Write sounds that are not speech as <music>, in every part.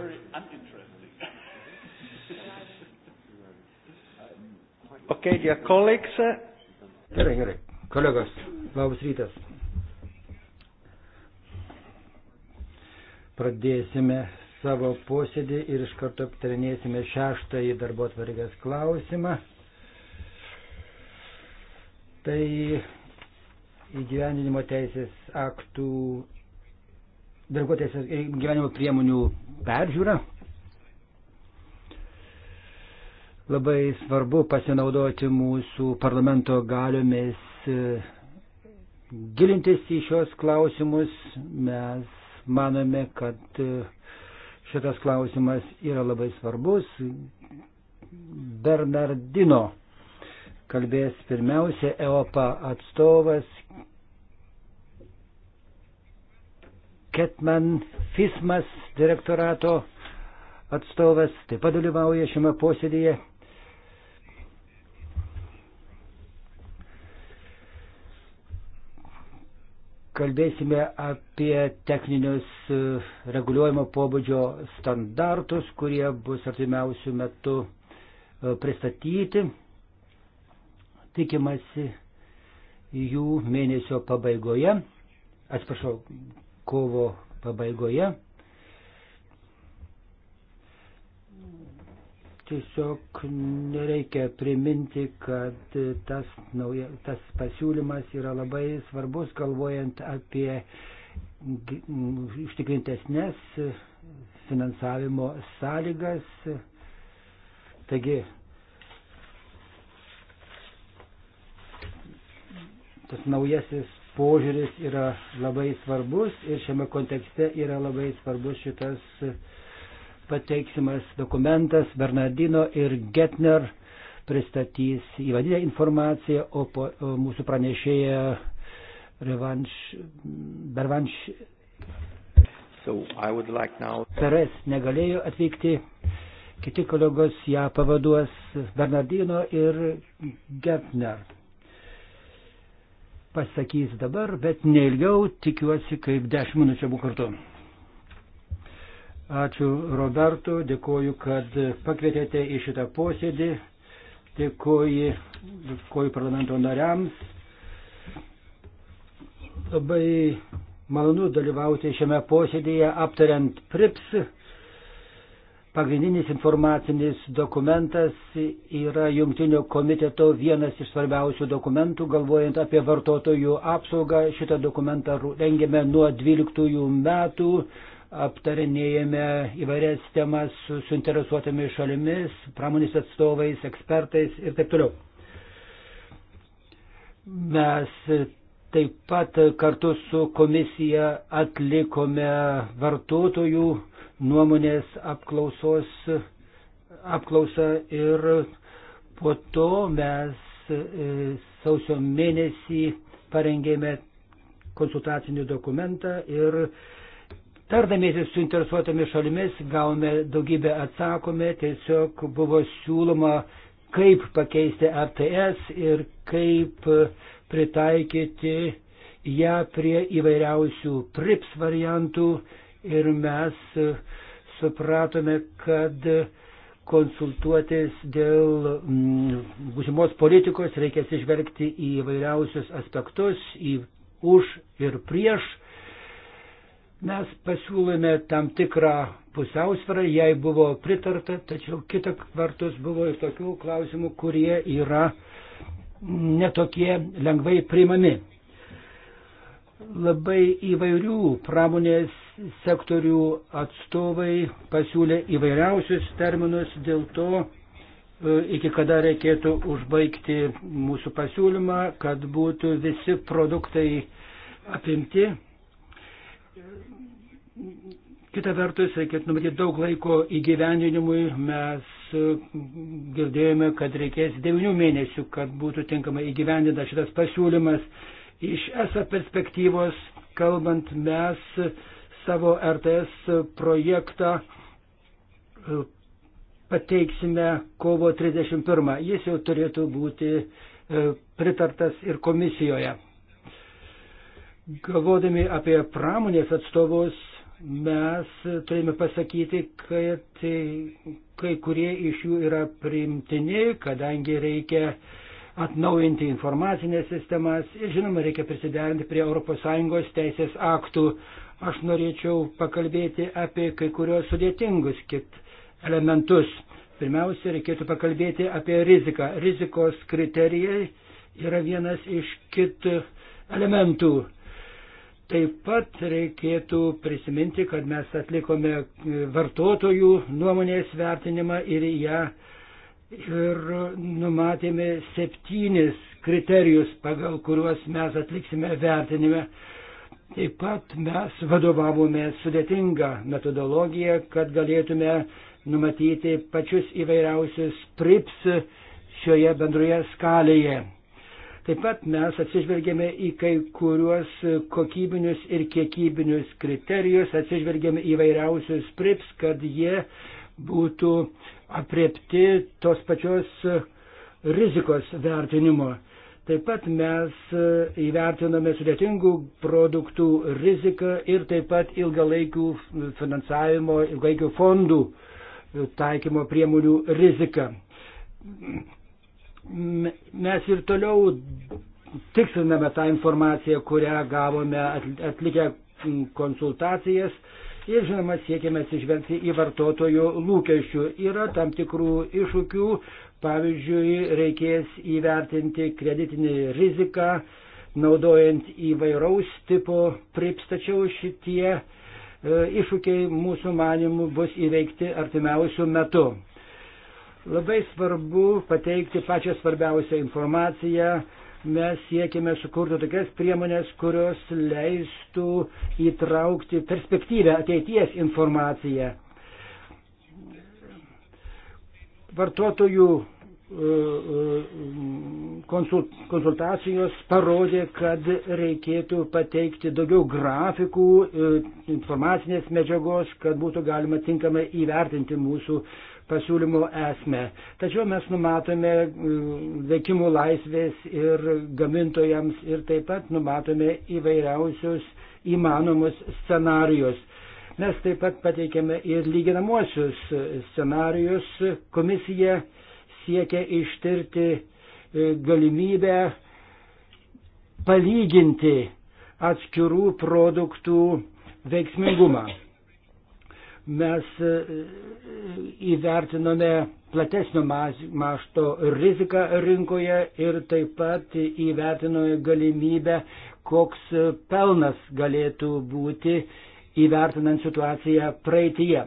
very uninteresting. <laughs> okay, dear colleagues. Gerai, gerai. Kolegos, labas rytas. Pradėsime savo posėdį ir iš karto aptarinėsime šeštąjį darbo tvarkės klausimą. Tai įgyvendinimo teisės aktų darbuotės gyvenimo priemonių peržiūrą. Labai svarbu pasinaudoti mūsų parlamento galiomis e, gilintis į šios klausimus. Mes manome, kad e, šitas klausimas yra labai svarbus. Bernardino kalbės pirmiausia EOPA atstovas, Ketman Fismas direktorato atstovas taip pat dalyvauja šiame posėdėje. Kalbėsime apie techninius e, reguliuojimo pobūdžio standartus, kurie bus artimiausių metų e, pristatyti. Tikimasi jų mėnesio pabaigoje. Atsiprašau, kovo pabaigoje. Tiesiog nereikia priminti, kad tas, nauja, tas pasiūlymas yra labai svarbus, galvojant apie užtikrintesnės finansavimo sąlygas. Taigi, tas naujasis požiūris yra labai svarbus ir šiame kontekste yra labai svarbus šitas pateiksimas dokumentas Bernardino ir Getner pristatys įvadinę informaciją, o, po, o mūsų pranešėja Revanš, Bervanš so like now... Peres negalėjo atvykti, kiti kolegos ją pavaduos Bernardino ir Getner pasakys dabar, bet neilgiau tikiuosi kaip 10 minučių abu kartu. Ačiū Roberto, dėkoju, kad pakvietėte į šitą posėdį, dėkoju, dėkoju parlamento nariams. Labai malonu dalyvauti šiame posėdėje aptariant PRIPS Pagrindinis informacinis dokumentas yra jungtinio komiteto vienas iš svarbiausių dokumentų, galvojant apie vartotojų apsaugą. Šitą dokumentą rengėme nuo 12 metų, aptarinėjame įvairias temas su suinteresuotomis šalimis, pramonės atstovais, ekspertais ir taip toliau. Mes taip pat kartu su komisija atlikome vartotojų nuomonės apklausos, apklausą ir po to mes e, sausio mėnesį parengėme konsultacinį dokumentą ir tardamėsi su interesuotomis šalimis gavome daugybę atsakome, tiesiog buvo siūloma, kaip pakeisti RTS ir kaip pritaikyti ją prie įvairiausių PRIPS variantų ir mes e, supratome, kad konsultuotis dėl mm, būsimos politikos reikia atsižvelgti į vairiausius aspektus, į už ir prieš. Mes pasiūlėme tam tikrą pusiausvarą, jai buvo pritarta, tačiau kita vertus buvo ir tokių klausimų, kurie yra netokie lengvai priimami. Labai įvairių pramonės sektorių atstovai pasiūlė įvairiausius terminus, dėl to e, iki kada reikėtų užbaigti mūsų pasiūlymą, kad būtų visi produktai apimti. Kita vertus, reikėtų numatyti daug laiko įgyvendinimui. Mes e, girdėjome, kad reikės devinių mėnesių, kad būtų tinkamai įgyvendinta šitas pasiūlymas. Iš ESA perspektyvos kalbant, mes savo RTS projektą e, pateiksime kovo 31. Jis jau turėtų būti e, pritartas ir komisijoje. Galvodami apie pramonės atstovus, mes turime pasakyti, kad kai kurie iš jų yra priimtini, kadangi reikia atnaujinti informacinės sistemas ir žinoma reikia prisiderinti prie ES teisės aktų. Aš norėčiau pakalbėti apie kai kurios sudėtingus kit elementus. Pirmiausia, reikėtų pakalbėti apie riziką. Rizikos kriterijai yra vienas iš kitų elementų. Taip pat reikėtų prisiminti, kad mes atlikome vartotojų nuomonės vertinimą ir ją ir numatėme septynis kriterijus, pagal kuriuos mes atliksime vertinimą. Taip pat mes vadovavome sudėtingą metodologiją, kad galėtume numatyti pačius įvairiausius prips šioje bendroje skalėje. Taip pat mes atsižvelgėme į kai kuriuos kokybinius ir kiekybinius kriterijus, atsižvelgėme į vairiausius prips, kad jie būtų apriepti tos pačios rizikos vertinimo. Taip pat mes e, įvertiname sudėtingų produktų riziką ir taip pat ilgalaikių finansavimo, ilgalaikių fondų e, taikymo priemonių riziką. Mes ir toliau tiksliname tą informaciją, kurią gavome atlikę konsultacijas ir žinoma siekime atsižvelgti į vartotojų lūkesčių. Yra tam tikrų iššūkių, Pavyzdžiui, reikės įvertinti kreditinį riziką, naudojant įvairaus tipo prips, tačiau šitie e, iššūkiai mūsų manimų bus įveikti artimiausių metų. Labai svarbu pateikti pačią svarbiausią informaciją. Mes siekime sukurti tokias priemonės, kurios leistų įtraukti perspektyvę ateities informaciją vartotojų e, e, konsultacijos parodė, kad reikėtų pateikti daugiau grafikų, e, informacinės medžiagos, kad būtų galima tinkamai įvertinti mūsų pasiūlymo esmę. Tačiau mes numatome veikimų laisvės ir gamintojams ir taip pat numatome įvairiausius įmanomus scenarijus. Mes taip pat pateikėme ir lyginamosius scenarius. Komisija siekia ištirti e, galimybę palyginti atskirų produktų veiksmingumą. Mes e, įvertinome platesnio mašto riziką rinkoje ir taip pat įvertinome galimybę, koks pelnas galėtų būti įvertinant situaciją praeitie.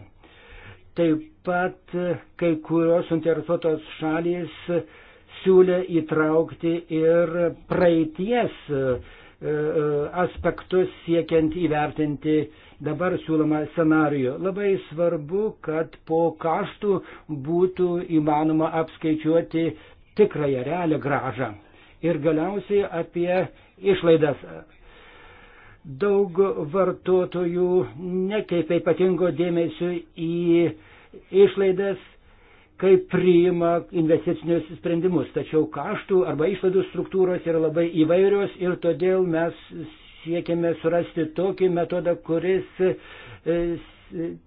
Taip pat e, kai kurios suinteresuotos šalys e, siūlė įtraukti ir praeities e, aspektus siekiant įvertinti dabar siūlomą scenarijų. Labai svarbu, kad po kaštų būtų įmanoma apskaičiuoti tikrąją realią gražą. Ir galiausiai apie išlaidas Daug vartotojų nekreipia ypatingo dėmesio į išlaidas, kai priima investicinius sprendimus. Tačiau kaštų arba išlaidų struktūros yra labai įvairios ir todėl mes siekiame surasti tokį metodą, kuris e,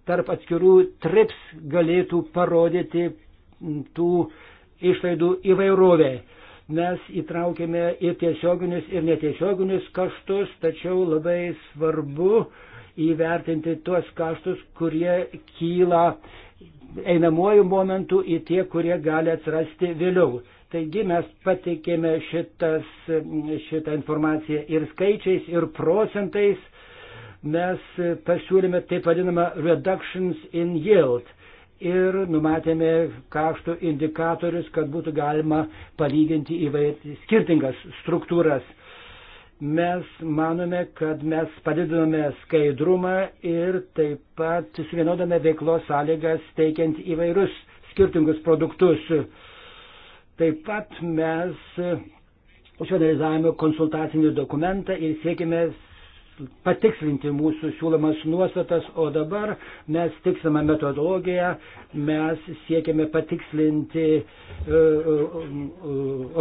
tarp atskirų trips galėtų parodyti tų išlaidų įvairovę mes įtraukėme ir tiesioginius, ir netiesioginius kaštus, tačiau labai svarbu įvertinti tuos kaštus, kurie kyla einamuoju momentu į tie, kurie gali atsirasti vėliau. Taigi mes pateikėme šitas, šitą informaciją ir skaičiais, ir procentais. Mes pasiūlėme taip vadinamą reductions in yield ir numatėme kaštų indikatorius, kad būtų galima palyginti įvairias skirtingas struktūras. Mes manome, kad mes padidinome skaidrumą ir taip pat suvienodame veiklos sąlygas teikiant įvairius skirtingus produktus. Taip pat mes išanalizavome konsultacinį dokumentą ir siekime patikslinti mūsų siūlomas nuostatas, o dabar mes tiksime metodologiją, mes siekiame patikslinti e, e, e,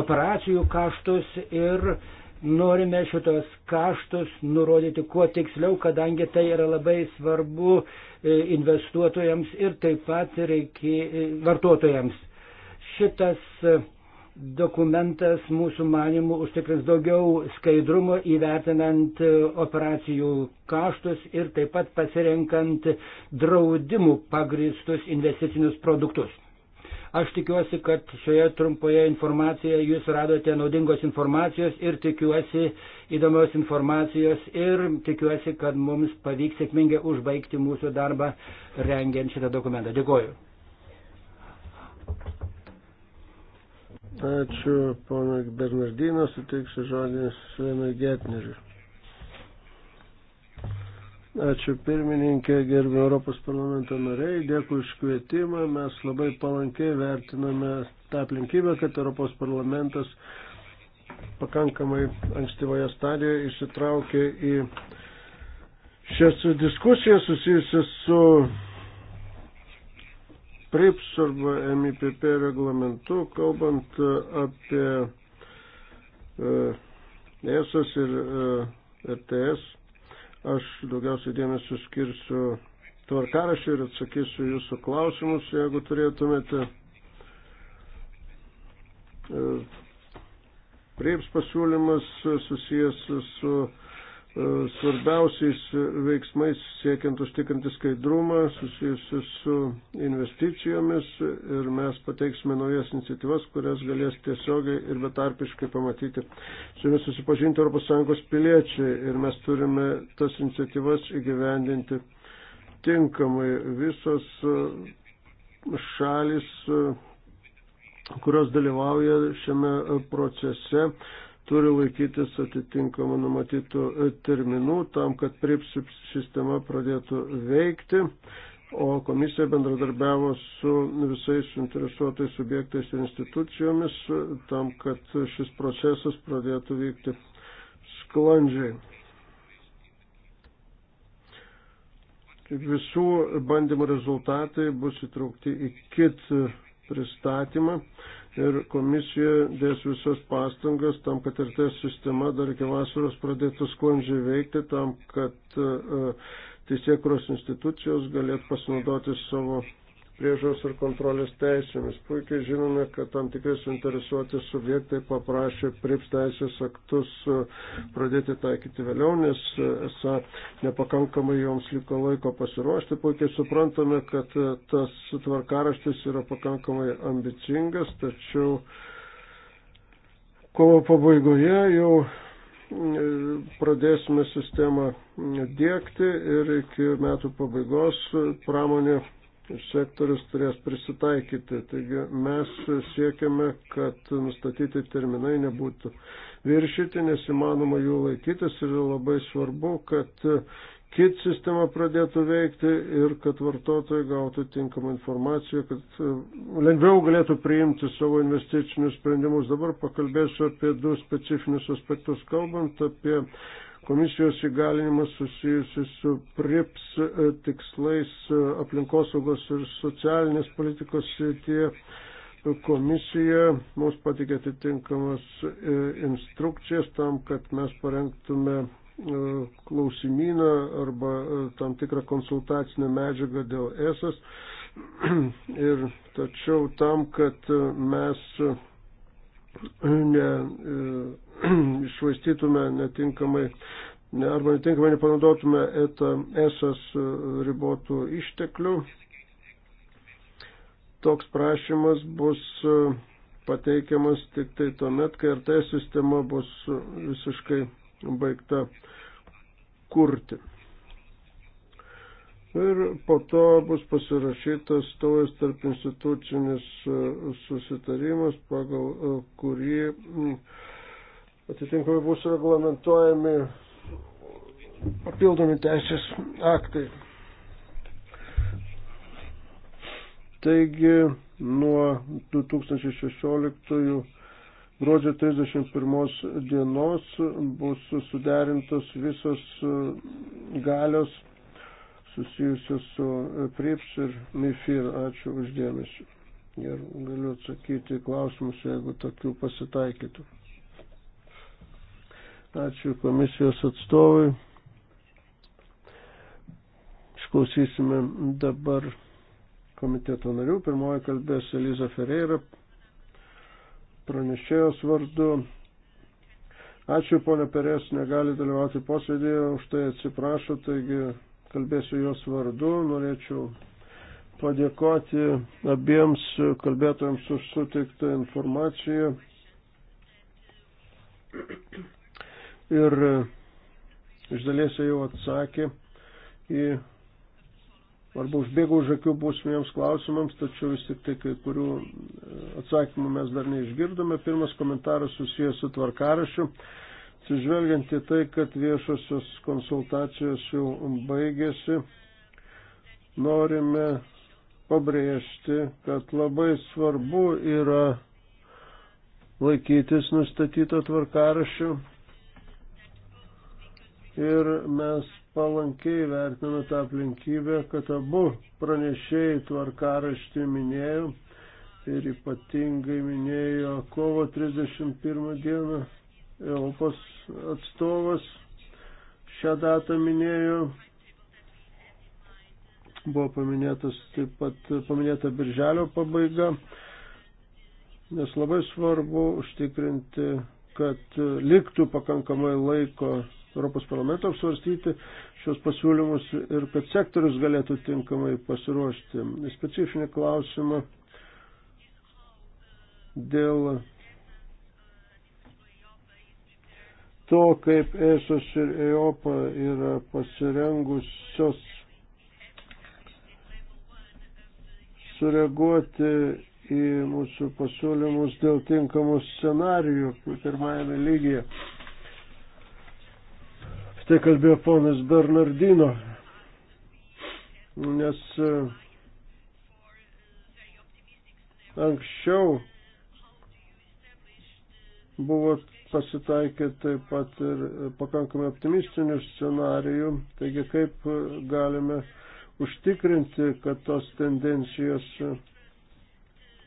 operacijų kaštus ir norime šitos kaštus nurodyti kuo tiksliau, kadangi tai yra labai svarbu investuotojams ir taip pat reikia vartotojams. Šitas dokumentas mūsų manimų užtikrins daugiau skaidrumo įvertinant e, operacijų kaštus ir taip pat pasirenkant draudimų pagristus investicinius produktus. Aš tikiuosi, kad šioje trumpoje informacijoje jūs radote naudingos informacijos ir tikiuosi įdomios informacijos ir tikiuosi, kad mums pavyks sėkmingai užbaigti mūsų darbą rengiant šitą dokumentą. Dėkuoju. Ačiū, ponai Bernardino, suteiksiu žodį Svenui Getneriui. Ačiū pirmininkė, gerbė Europos parlamento nariai, dėkui už kvietimą. Mes labai palankiai vertiname tą aplinkybę, kad Europos parlamentas pakankamai ankstyvoje stadijoje įsitraukė į šias diskusijas susijusias su PRIPS arba MIPP reglamentu, kalbant e, apie ESAS e ir RTS, e, aš daugiausiai dėmesio skirsiu tvarkarašį ir atsakysiu jūsų klausimus, jeigu turėtumėte. PRIPS pasiūlymas susijęs su svarbiausiais veiksmais siekiant užtikrinti skaidrumą susijusiu su investicijomis ir mes pateiksime naujas iniciatyvas, kurias galės tiesiogiai ir betarpiškai pamatyti. Su jomis susipažinti ES piliečiai ir mes turime tas iniciatyvas įgyvendinti tinkamai. Visos šalis kurios dalyvauja šiame procese, turi laikytis atitinkamų numatytų e, terminų tam, kad PRIPS sistema pradėtų veikti, o komisija bendradarbiavo su visais suinteresuotais subjektais ir institucijomis e, tam, kad šis procesas pradėtų vykti sklandžiai. Visų bandymų rezultatai bus įtraukti į kit pristatymą ir komisija dės visas pastangas tam, kad ir ta sistema dar iki vasaros pradėtų sklandžiai veikti, tam, kad e, teisėkuros institucijos galėtų pasinaudoti savo priežos ir kontrolės teisėmis. Puikiai žinome, kad tam tikrai suinteresuoti subjektai paprašė prips teisės aktus e, pradėti taikyti vėliau, nes e, esą nepakankamai joms liko laiko pasiruošti. Puikiai suprantame, kad e, tas tvarkaraštis yra pakankamai ambicingas, tačiau kovo pabaigoje jau pradėsime sistemą dėkti ir iki metų pabaigos pramonė sektorius turės prisitaikyti. Taigi mes siekiame, kad nustatyti terminai nebūtų viršyti, nes įmanoma jų laikytis ir labai svarbu, kad kit sistema pradėtų veikti ir kad vartotojai gautų tinkamą informaciją, kad e, lengviau galėtų priimti savo investicinius sprendimus. Dabar pakalbėsiu apie du specifinius aspektus, kalbant apie komisijos įgalinimas susijusi su PRIPS e, tikslais e, aplinkosaugos ir socialinės politikos srityje. Komisija mums patikė atitinkamas e, instrukcijas tam, kad mes parengtume klausimyną arba tam tikrą konsultacinę medžiagą dėl ESAS. <clears throat> Ir tačiau tam, kad mes ne, e, <clears throat> išvaistytume netinkamai ne, arba netinkamai nepanaudotume ETA, esas e, ribotų išteklių. Toks prašymas bus e, pateikiamas tik tai tuomet, kai RT sistema bus visiškai baigta kurti. Ir po to bus pasirašytas tojas tarp institucinis e, susitarimas, pagal e, kurį atitinkamai bus reglamentuojami papildomi teisės aktai. Taigi nuo 2016 gruodžio 31 dienos bus suderintos visos galios susijusios su e, PRIPS ir MIFIR. Ačiū uždėmesi. Ir galiu atsakyti klausimus, jeigu tokių pasitaikytų. Ačiū komisijos atstovui. Išklausysime dabar komiteto narių. Pirmoji kalbės Eliza Ferreira, pranešėjos vardu. Ačiū, ponė Perės, negali dalyvauti posėdėje, už tai atsiprašau, taigi kalbėsiu jos vardu, norėčiau padėkoti abiems kalbėtojams už suteiktą informaciją. Ir iš dalies jau atsakė į arba užbėgo už akių būsimiems klausimams, tačiau vis tik tai kai kurių e, atsakymų mes dar neišgirdome. Pirmas komentaras susijęs su tvarkarašiu. Atsižvelgiant į tai, kad viešosios konsultacijos jau baigėsi, norime pabrėžti, kad labai svarbu yra laikytis nustatyto tvarkarašio ir mes palankiai vertiname tą aplinkybę, kad abu pranešėjai tvarkaraštį minėjo ir ypatingai minėjo kovo 31 dieną Europos atstovas šią datą minėjo. Buvo paminėtas taip pat paminėta birželio pabaiga, nes labai svarbu užtikrinti, kad liktų pakankamai laiko Europos parlamento apsvarstyti šios pasiūlymus ir kad sektorius galėtų tinkamai pasiruošti. Specifinį klausimą dėl to, kaip ESOS ir EOPA yra pasirengusios sureaguoti į mūsų pasiūlymus dėl tinkamų scenarijų pirmajame lygyje. Tai kalbėjo ponas Bernardino, nes e, anksčiau buvo pasitaikė taip pat ir pakankamai optimistinių scenarijų. Taigi kaip galime užtikrinti, kad tos tendencijos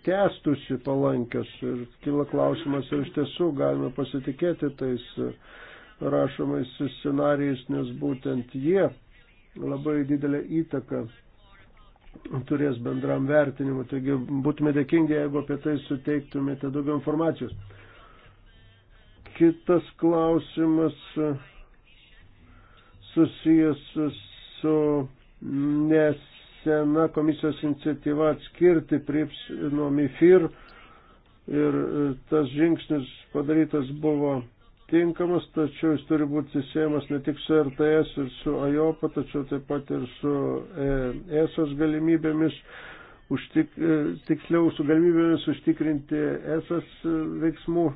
kestusi palankios ir kyla klausimas, ar iš tiesų galime pasitikėti tais rašomais scenarijais, nes būtent jie labai didelę įtaką turės bendram vertinimu. Taigi būtume dėkingi, jeigu apie tai suteiktumėte daugiau informacijos. Kitas klausimas susijęs su nesena komisijos iniciatyva atskirti prips nuo MIFIR ir tas žingsnis padarytas buvo tinkamas, tačiau jis turi būti siejamas ne tik su RTS ir su AJOPA, tačiau taip pat ir su ESOS e galimybėmis, užtik, e, tiksliau su galimybėmis užtikrinti ESOS veiksmų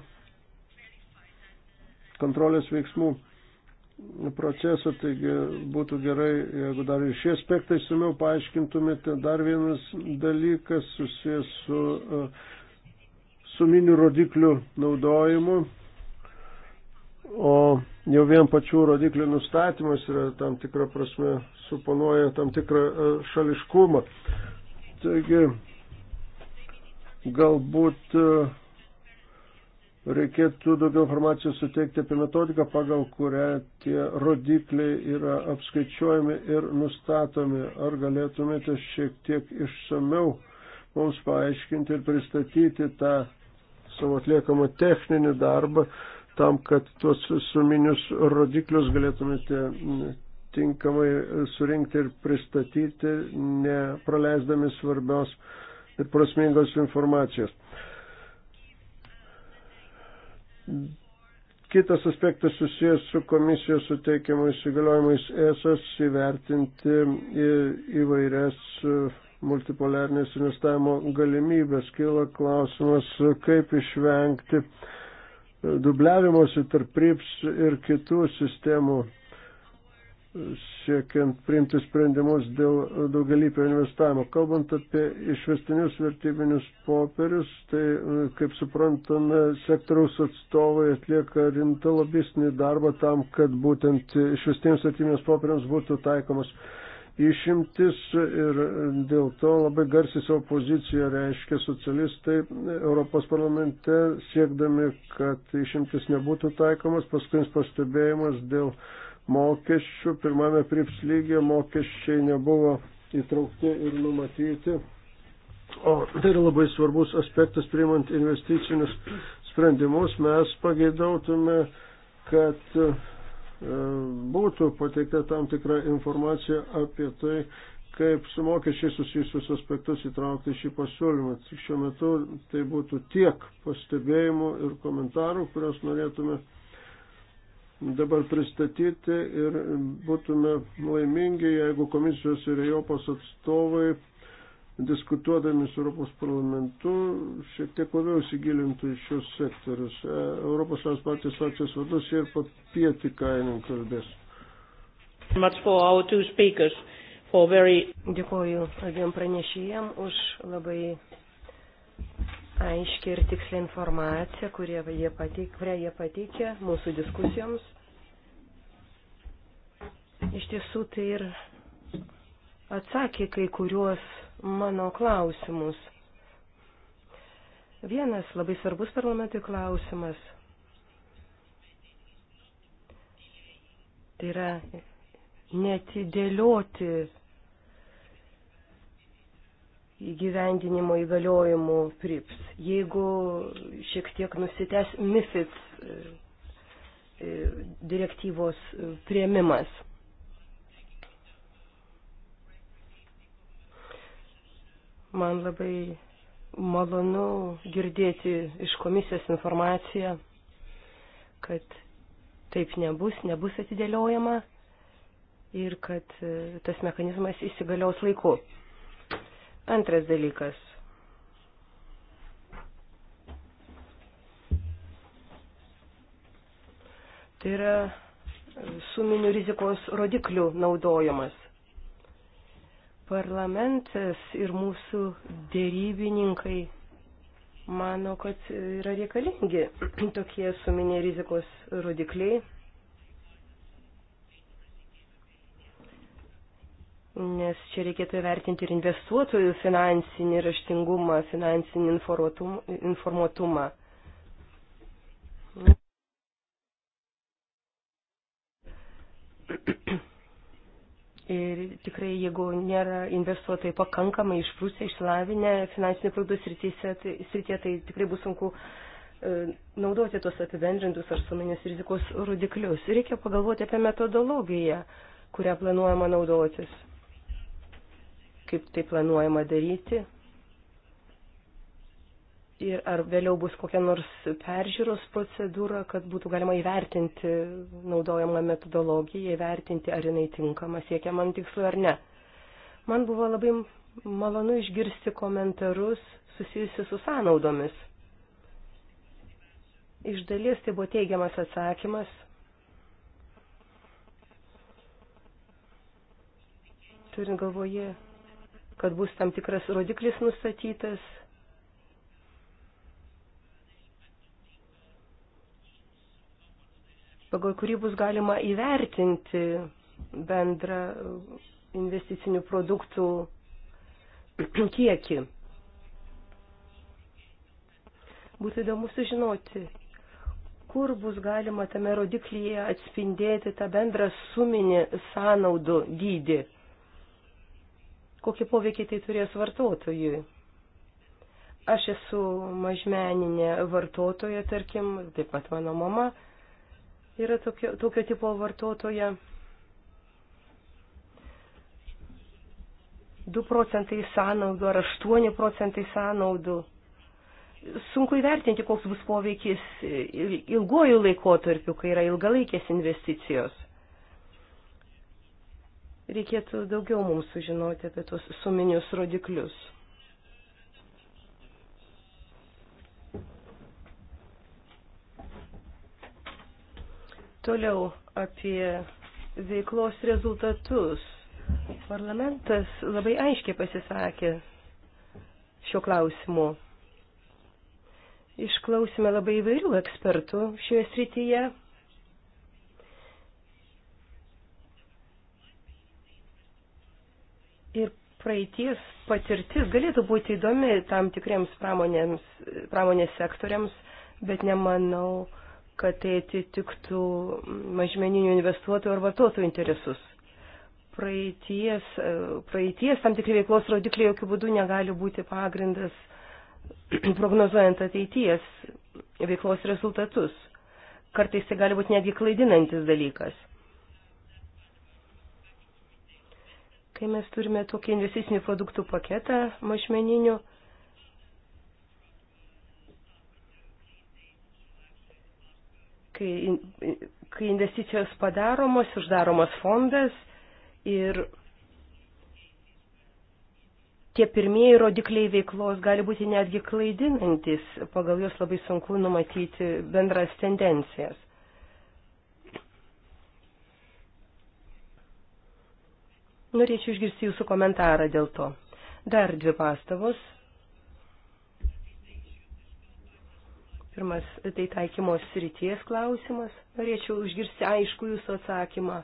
kontrolės veiksmų procesą, taigi būtų gerai, jeigu dar ir šie aspektai sumiau paaiškintumėte. Dar vienas dalykas susijęs su e, suminių rodiklių naudojimu, o jau vien pačių rodiklių nustatymas yra tam tikrą prasme suponuoja tam tikrą e, šališkumą. Taigi, galbūt uh, reikėtų daugiau informacijos suteikti apie metodiką, pagal kurią tie rodikliai yra apskaičiuojami ir nustatomi. Ar galėtumėte šiek tiek išsameu mums paaiškinti ir pristatyti tą savo atliekamą techninį darbą, tam, kad tuos suminius rodiklius galėtumėte tinkamai surinkti ir pristatyti, nepraleisdami svarbios ir prasmingos informacijos. Kitas aspektas susijęs su komisijos suteikiamais įgaliojimais ESAS įvertinti į, įvairias multipolarnės investavimo galimybės. Kila klausimas, kaip išvengti dubliavimuose tarp PRIPS ir kitų sistemų siekiant priimti sprendimus dėl daugelįpio investavimo. Kalbant apie išvestinius vertybinius popierius, tai, kaip suprantame, sektoriaus atstovai atlieka rimtą lobistinį darbą tam, kad būtent išvestinius vertybinius popieriams būtų taikomas išimtis ir dėl to labai garsiai savo poziciją reiškia socialistai Europos parlamente, siekdami, kad išimtis nebūtų taikomas. Paskutinis pastebėjimas dėl mokesčių. Pirmame prips lygyje mokesčiai nebuvo įtraukti ir numatyti. O tai yra labai svarbus aspektas priimant investicinius sprendimus. Mes pageidautume, kad e, būtų pateikta tam tikra informacija apie tai, kaip su mokesčiai susijusius aspektus įtraukti šį pasiūlymą. Tik šiuo metu tai būtų tiek pastebėjimų ir komentarų, kuriuos norėtume dabar pristatyti ir būtume laimingi, jeigu komisijos ir Europos atstovai diskutuodami su Europos parlamentu šiek tiek labiau įsigilintų į šios sektorius. E, Europos Sąjungos partijos frakcijos vadus ir papieti kainų kalbės. Very... Dėkuoju abiem pranešėjam už labai aiškiai ir tikslę informaciją, kurią jie pateikė, kurią jie pateikė mūsų diskusijoms. Iš tiesų tai ir atsakė kai kuriuos mano klausimus. Vienas labai svarbus parlamentui klausimas. Tai yra netidėlioti įgyvendinimo įgaliojimų prips. Jeigu šiek tiek nusitęs MIFID e, e, direktyvos prieimimas. Man labai malonu girdėti iš komisijos informaciją, kad taip nebus, nebus atidėliojama ir kad e, tas mechanizmas įsigaliaus laiku. Antras dalykas. Tai yra suminių rizikos rodiklių naudojimas. Parlamentas ir mūsų dėrybininkai mano, kad yra reikalingi tokie suminiai rizikos rodikliai nes čia reikėtų įvertinti ir investuotojų finansinį raštingumą, finansinį informuotumą. Ir tikrai, jeigu nėra investuotojai pakankamai išprūsę, išsilavinę finansinių produktų tai, srityje, tai, tai tikrai bus sunku e, naudoti tuos apibendrintus ar suminės rizikos rodiklius. Reikia pagalvoti apie metodologiją, kurią planuojama naudotis kaip tai planuojama daryti. Ir ar vėliau bus kokia nors peržiūros procedūra, kad būtų galima įvertinti naudojamą metodologiją, įvertinti, ar jinai tinkama, siekia man tikslu ar ne. Man buvo labai malonu išgirsti komentarus susijusius su sąnaudomis. Iš dalies tai buvo teigiamas atsakymas. Turint galvoje kad bus tam tikras rodiklis nustatytas. pagal kurį bus galima įvertinti bendrą investicinių produktų <clears throat> kiekį. Būtų įdomu sužinoti, kur bus galima tame rodiklyje atspindėti tą bendrą suminį sąnaudų dydį kokį poveikį tai turės vartotojui. Aš esu mažmeninė vartotoja, tarkim, taip pat mano mama yra tokio, tokio tipo vartotoja. 2 procentai sąnaudų ar 8 procentai sąnaudų. Sunku įvertinti, koks bus poveikis ilguoju laikotarpiu, kai yra ilgalaikės investicijos. Reikėtų daugiau mums sužinoti apie tos suminius rodiklius. Toliau apie veiklos rezultatus. Parlamentas labai aiškiai pasisakė šio klausimu. Išklausime labai įvairių ekspertų šioje srityje. Ir praeities patirtis galėtų būti įdomi tam tikriems pramonės sektoriams, bet nemanau, kad tai atitiktų mažmeninių investuotojų ar vartotojų interesus. Praeities, praeities tam tikri veiklos rodikliai jokių būdų negali būti pagrindas <clears throat> prognozuojant ateities veiklos rezultatus. Kartais tai gali būti netgi klaidinantis dalykas. kai mes turime tokį investicinių produktų paketą mažmeninių, kai, kai investicijos padaromos, uždaromas fondas ir tie pirmieji rodikliai veiklos gali būti netgi klaidinantis, pagal juos labai sunku numatyti bendras tendencijas. Norėčiau išgirsti jūsų komentarą dėl to. Dar dvi pastabos. Pirmas, tai taikymos srities klausimas. Norėčiau išgirsti aišku jūsų atsakymą.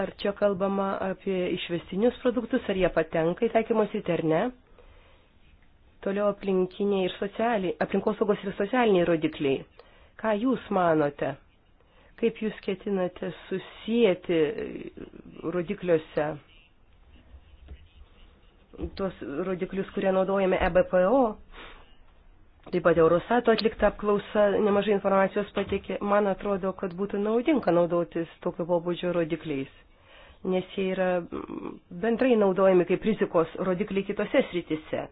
Ar čia kalbama apie išvestinius produktus, ar jie patenka į taikymos sritį ar ne? Toliau aplinkiniai ir socialiai, aplinkosaugos ir socialiniai rodikliai. Ką jūs manote? Kaip jūs ketinate susijęti rodikliuose tuos rodiklius, kurie naudojame EBPO? Taip pat Eurostato atlikta apklausa nemažai informacijos patikė. Man atrodo, kad būtų naudinga naudotis tokio pobūdžio rodikliais, nes jie yra bendrai naudojami kaip rizikos rodikliai kitose sritise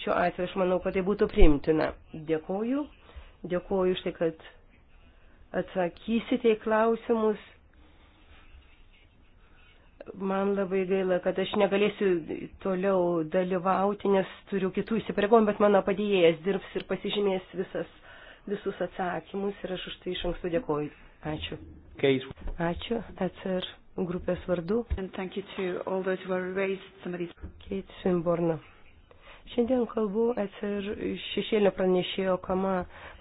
šiuo atveju aš manau, kad tai būtų priimtina. Dėkoju. Dėkoju už tai, kad atsakysite į klausimus. Man labai gaila, kad aš negalėsiu toliau dalyvauti, nes turiu kitų įsipareigojimų, bet mano padėjėjas dirbs ir pasižymės visas, visus atsakymus ir aš už tai iš anksto dėkoju. Ačiū. Ačiū. ECR grupės vardu. Kate Swinburne. Šiandien kalbu ir šešėlio pranešėjo kama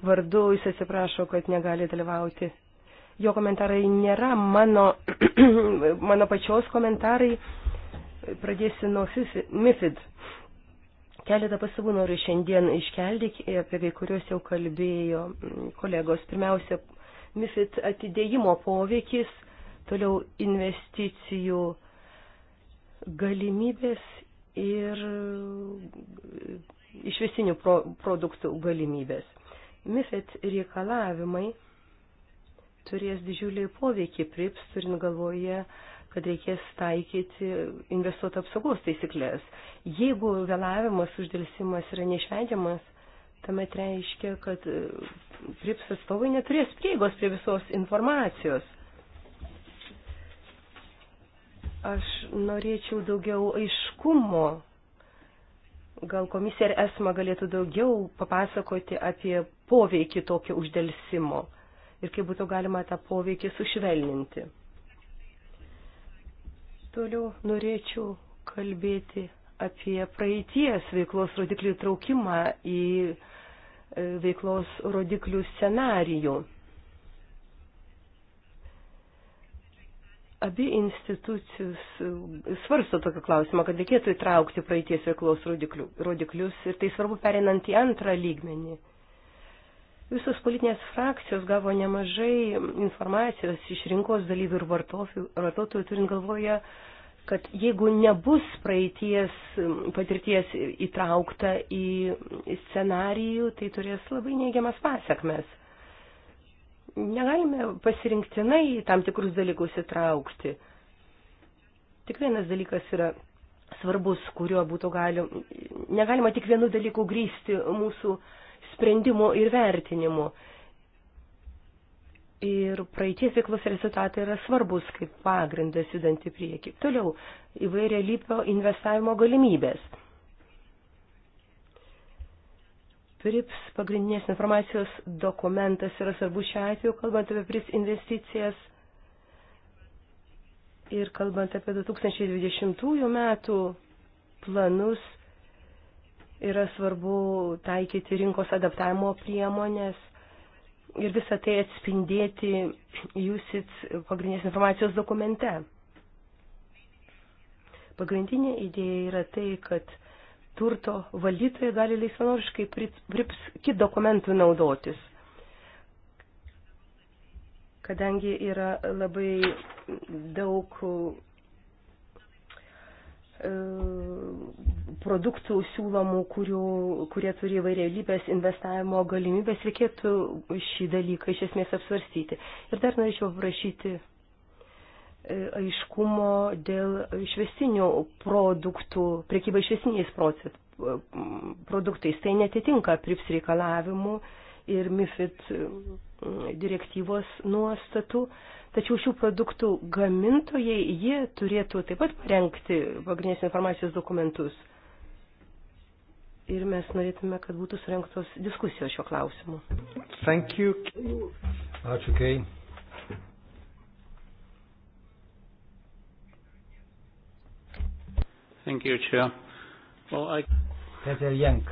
vardu, jis atsiprašo, kad negali dalyvauti. Jo komentarai nėra mano, <clears throat> mano pačios komentarai. Pradėsiu nuo MIFID. Keletą pasavų noriu šiandien iškelti, apie kai kuriuos jau kalbėjo mm, kolegos. Pirmiausia, MIFID atidėjimo poveikis, toliau investicijų galimybės ir e, išvesinių pro, produktų galimybės. MIFET reikalavimai turės didžiulį poveikį prips, turint galvoje, kad reikės taikyti investuoto apsaugos taisyklės. Jeigu vėlavimas, uždėlsimas yra neišvengiamas, tuomet reiškia, kad e, prips atstovai neturės prieigos prie visos informacijos. Aš norėčiau daugiau aiškumo. Gal komisija ir esma galėtų daugiau papasakoti apie poveikį tokio uždelsimo ir kaip būtų galima tą poveikį sušvelninti. Toliau norėčiau kalbėti apie praeities veiklos rodiklių traukimą į e, veiklos rodiklių scenarijų. Abi institucijos e, svarsto tokį klausimą, kad reikėtų įtraukti praeities veiklos rodiklius ir tai svarbu perinant į antrą lygmenį. Visos politinės frakcijos gavo nemažai informacijos iš rinkos dalyvių ir vartotojų, turint galvoje, kad jeigu nebus praeities patirties įtraukta į scenarijų, tai turės labai neigiamas pasiekmes negalime pasirinktinai tam tikrus dalykus įtraukti. Tik vienas dalykas yra svarbus, kuriuo būtų galima, negalima tik vienu dalyku grįsti mūsų sprendimo ir vertinimo. Ir praeities veiklos rezultatai yra svarbus kaip pagrindas judant į priekį. Toliau įvairia lypio investavimo galimybės PRIPS pagrindinės informacijos dokumentas yra svarbus šiuo atveju, kalbant apie PRIPS investicijas ir kalbant apie 2020 metų planus, yra svarbu taikyti rinkos adaptavimo priemonės ir visą tai atspindėti jūsit pagrindinės informacijos dokumente. Pagrindinė idėja yra tai, kad turto valdytojai gali laisvanoriškai kit dokumentų naudotis. Kadangi yra labai daug e, produktų siūlomų, kurių, kurie turi įvairialybės investavimo galimybės, reikėtų šį dalyką iš esmės apsvarstyti. Ir dar norėčiau paprašyti E, aiškumo dėl išvesinių produktų, priekyba išvesiniais produktais. Tai netitinka prips reikalavimų ir MIFID e, direktyvos nuostatų. Tačiau šių produktų gamintojai, jie turėtų taip pat parengti pagrindinės informacijos dokumentus. Ir mes norėtume, kad būtų surinktos diskusijos šio klausimu. Thank you. Ačiū, Kei. Okay. Thank you, Chair. Well, I... Peter Jank.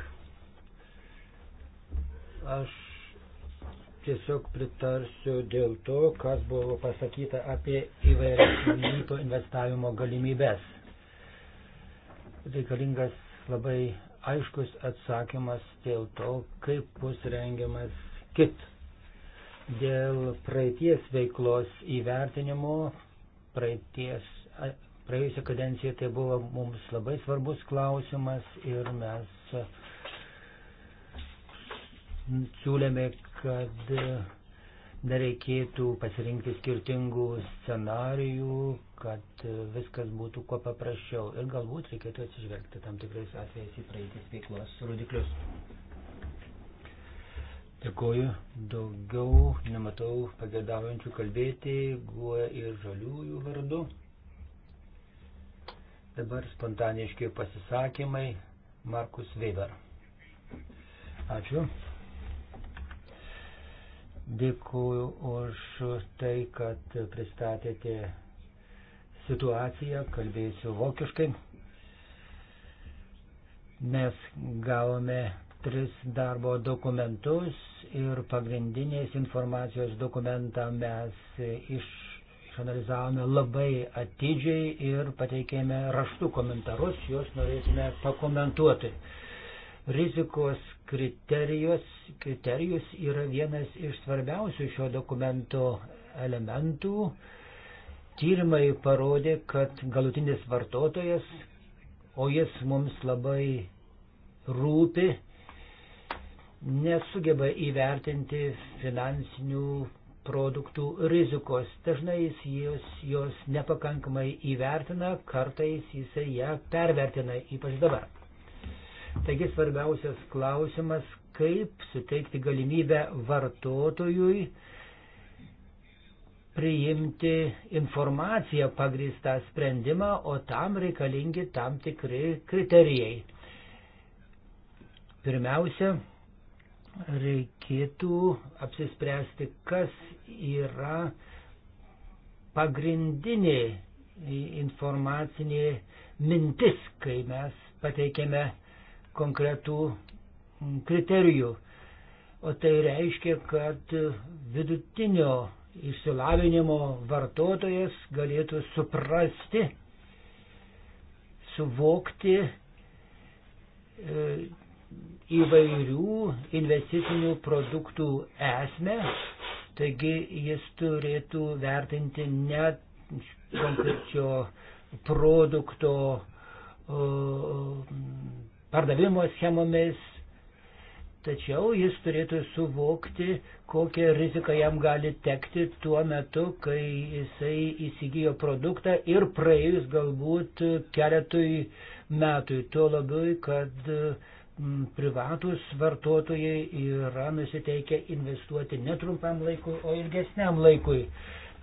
Aš tiesiog pritarsiu dėl to, kas buvo pasakyta apie įvairias lyto investavimo galimybės. Reikalingas labai aiškus atsakymas dėl to, kaip bus rengiamas kit. Dėl praeities veiklos įvertinimo, praeities Praėjusią kadenciją tai buvo mums labai svarbus klausimas ir mes e, siūlėme, kad nereikėtų pasirinkti skirtingų scenarijų, kad e, viskas būtų kuo paprasčiau ir galbūt reikėtų atsižvelgti tam tikrais atvejais į praeitis veiklos rodiklius. Dėkuoju, daugiau nematau pagėdaujančių kalbėti, guo ir žaliųjų vardu. Dabar spontaniški pasisakymai. Markus Weber. Ačiū. Dėkuoju už tai, kad pristatėte situaciją, kalbėsiu vokiškai. Mes gavome tris darbo dokumentus ir pagrindinės informacijos dokumentą mes iš išanalizavome labai atidžiai ir pateikėme raštų komentarus, juos norėtume pakomentuoti. Rizikos kriterijus, kriterijus yra vienas iš svarbiausių šio dokumento elementų. Tyrimai parodė, kad galutinis vartotojas, o jis mums labai rūpi, nesugeba įvertinti finansinių produktų rizikos. Dažnai jis jos, jos nepakankamai įvertina, kartais jisai ją pervertina, ypač dabar. Taigi svarbiausias klausimas, kaip suteikti galimybę vartotojui priimti informaciją pagrįstą sprendimą, o tam reikalingi tam tikri kriterijai. Pirmiausia, reikėtų apsispręsti, kas yra pagrindinė informacinė mintis, kai mes pateikėme konkretų kriterijų. O tai reiškia, kad vidutinio išsilavinimo vartotojas galėtų suprasti, suvokti e, įvairių investicinių produktų esmę, Taigi jis turėtų vertinti ne konkrečio produkto pardavimo schemomis, tačiau jis turėtų suvokti, kokią riziką jam gali tekti tuo metu, kai jisai įsigijo produktą ir praėjus galbūt keletui metų. Tuo labiau, kad uh, Mm, privatus vartotojai yra nusiteikę investuoti ne trumpam laikui, o ilgesniam laikui.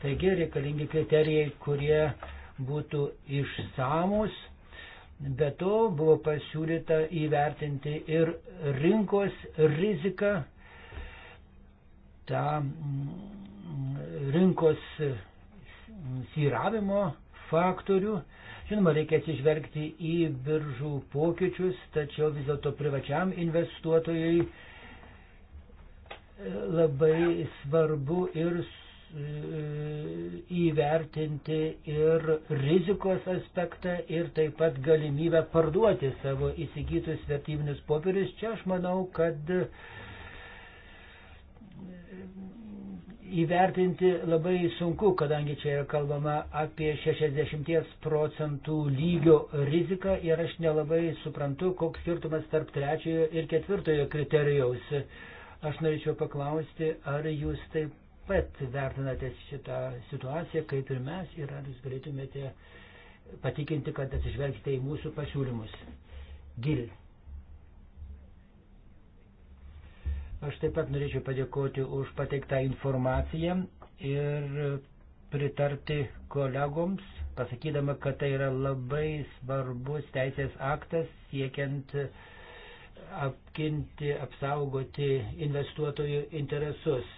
Taigi reikalingi kriterijai, kurie būtų išsamus. Be to buvo pasiūlyta įvertinti ir rinkos riziką, tą mm, rinkos siravimo faktorių, Žinoma, reikia atsižvelgti į biržų pokyčius, tačiau vis dėlto privačiam investuotojui e, labai svarbu ir e, įvertinti ir rizikos aspektą ir taip pat galimybę parduoti savo įsigytus vertybinius popierius. Čia aš manau, kad įvertinti labai sunku, kadangi čia yra kalbama apie 60 procentų lygio riziką ir aš nelabai suprantu, koks skirtumas tarp trečiojo ir ketvirtojo kriterijaus. Aš norėčiau paklausti, ar jūs taip pat vertinate šitą situaciją, kaip ir mes, ir ar jūs galėtumėte patikinti, kad atsižvelgite į mūsų pasiūlymus. Gil. Aš taip pat norėčiau padėkoti už pateiktą informaciją ir pritarti kolegoms, pasakydama, kad tai yra labai svarbus teisės aktas siekiant apginti, apsaugoti investuotojų interesus.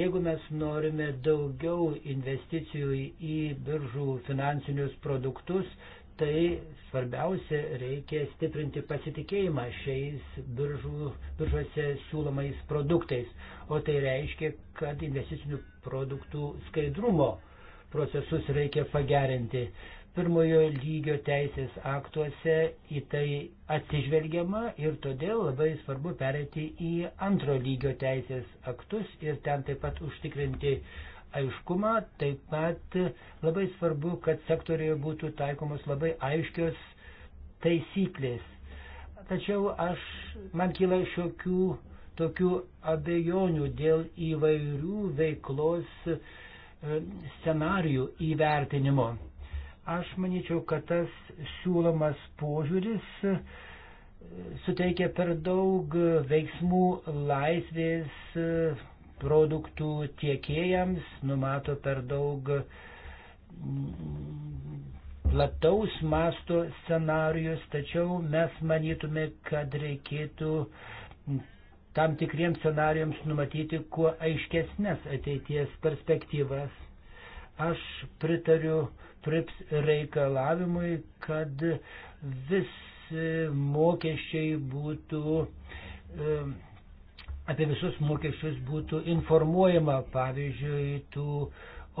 Jeigu mes norime daugiau investicijų į biržų finansinius produktus, tai svarbiausia reikia stiprinti pasitikėjimą šiais biržų, biržuose siūlomais produktais, o tai reiškia, kad investicinių produktų skaidrumo procesus reikia pagerinti. Pirmojo lygio teisės aktuose į tai atsižvelgiama ir todėl labai svarbu perėti į antro lygio teisės aktus ir ten taip pat užtikrinti uh, aiškumą, taip pat labai svarbu, kad sektorijoje būtų taikomos labai aiškios taisyklės. Tačiau aš, man kyla šiokių tokių abejonių dėl įvairių veiklos e, scenarijų įvertinimo. Aš manyčiau, kad tas siūlomas požiūris e, suteikia per daug veiksmų laisvės e, produktų tiekėjams numato per daug mm, plataus masto scenarius, tačiau mes manytume, kad reikėtų tam tikriems scenarijams numatyti kuo aiškesnės ateities perspektyvas. Aš pritariu PRIPS reikalavimui, kad visi mokesčiai būtų um, apie visus mokesčius būtų informuojama. Pavyzdžiui, tų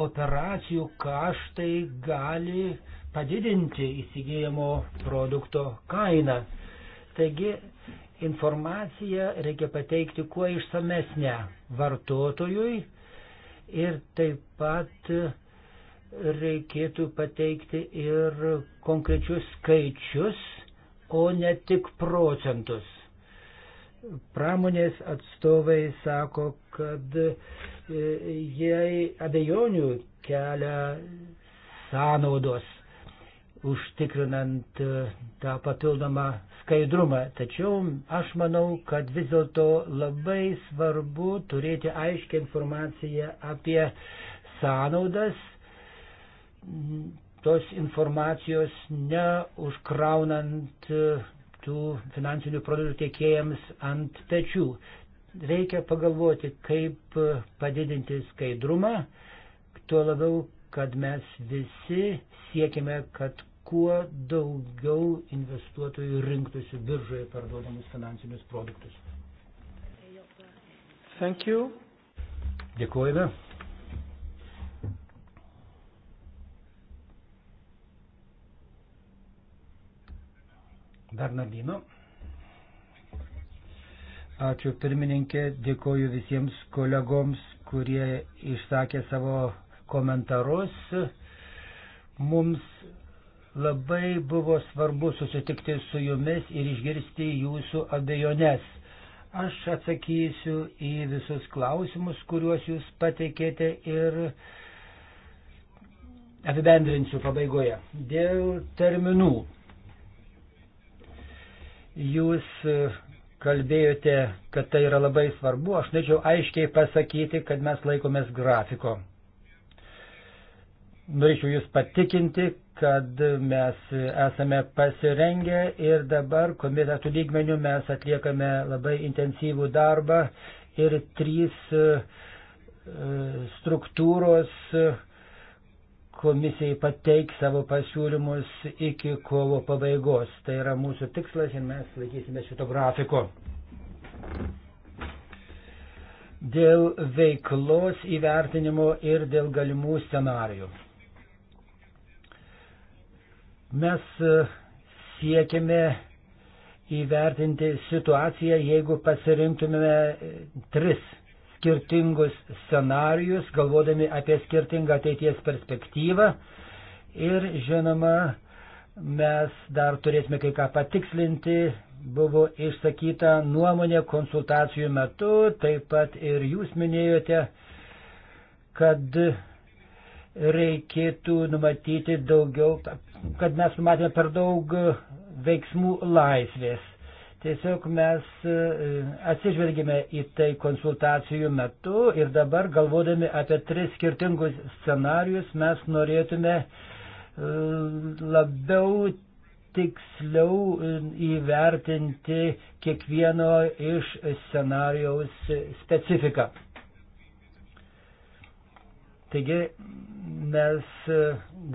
operacijų kaštai gali padidinti įsigijimo produkto kainą. Taigi informaciją reikia pateikti kuo išsamesnę vartotojui ir taip pat reikėtų pateikti ir konkrečius skaičius, o ne tik procentus pramonės atstovai sako, kad e, jai abejonių kelia sąnaudos užtikrinant e, tą papildomą skaidrumą. Tačiau aš manau, kad vis dėlto labai svarbu turėti aiškę informaciją apie sąnaudas, tos informacijos neužkraunant e, tų finansinių produktų tiekėjams ant pečių. Reikia pagalvoti, kaip padidinti skaidrumą, tuo labiau, kad mes visi siekime, kad kuo daugiau investuotojų rinktųsi biržoje parduodamus finansinius produktus. Thank you. Dėkojame. Bernardino. Ačiū pirmininkė, dėkoju visiems kolegoms, kurie išsakė savo komentarus. Mums labai buvo svarbu susitikti su jumis ir išgirsti jūsų abejonės. Aš atsakysiu į visus klausimus, kuriuos jūs pateikėte ir apibendrinsiu pabaigoje. Dėl terminų Jūs e, kalbėjote, kad tai yra labai svarbu. Aš norėčiau aiškiai pasakyti, kad mes laikomės grafiko. Norėčiau Jūs patikinti, kad mes esame pasirengę ir dabar komitetų lygmenių mes atliekame labai intensyvų darbą ir trys e, e, struktūros uh, komisijai pateiks savo pasiūlymus iki kovo pabaigos. Tai yra mūsų tikslas ir mes laikysime šito grafiko. Dėl veiklos įvertinimo ir dėl galimų scenarijų. Mes e, siekime įvertinti situaciją, jeigu pasirinktumėme e, tris skirtingus scenarius, galvodami apie skirtingą ateities perspektyvą. Ir žinoma, mes dar turėsime kai ką patikslinti. Buvo išsakyta nuomonė konsultacijų metu, taip pat ir jūs minėjote, kad reikėtų numatyti daugiau, kad mes numatėme per daug veiksmų laisvės. Tiesiog mes e, atsižvelgėme į tai konsultacijų metu ir dabar galvodami apie tris skirtingus scenarius mes norėtume e, labiau tiksliau e, įvertinti kiekvieno iš scenarijaus specifiką. Taigi mes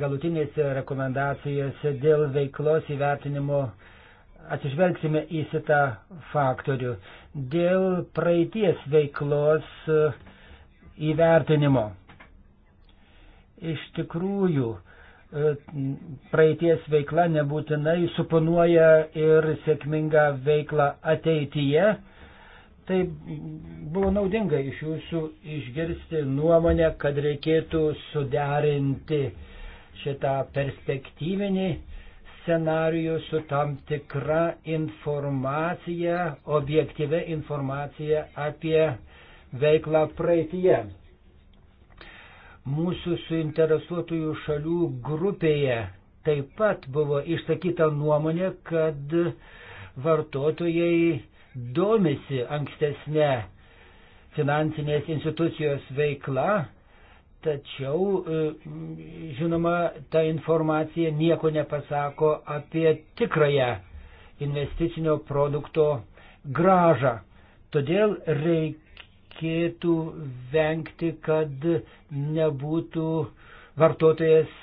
galutinėse rekomendacijose dėl veiklos įvertinimo atsižvelgsime į šitą faktorių dėl praeities veiklos e, įvertinimo. Iš tikrųjų, e, praeities veikla nebūtinai suponuoja ir sėkmingą veiklą ateityje. Tai buvo naudinga iš jūsų išgirsti nuomonę, kad reikėtų suderinti šitą perspektyvinį scenarijų su tam tikra informacija, objektyvia informacija apie veiklą praeitie. Mūsų suinteresuotųjų šalių grupėje taip pat buvo išsakyta nuomonė, kad vartotojai domisi ankstesnė finansinės institucijos veikla Tačiau, e, žinoma, ta informacija nieko nepasako apie tikrąją investicinio produkto gražą. Todėl reikėtų vengti, kad nebūtų vartotojas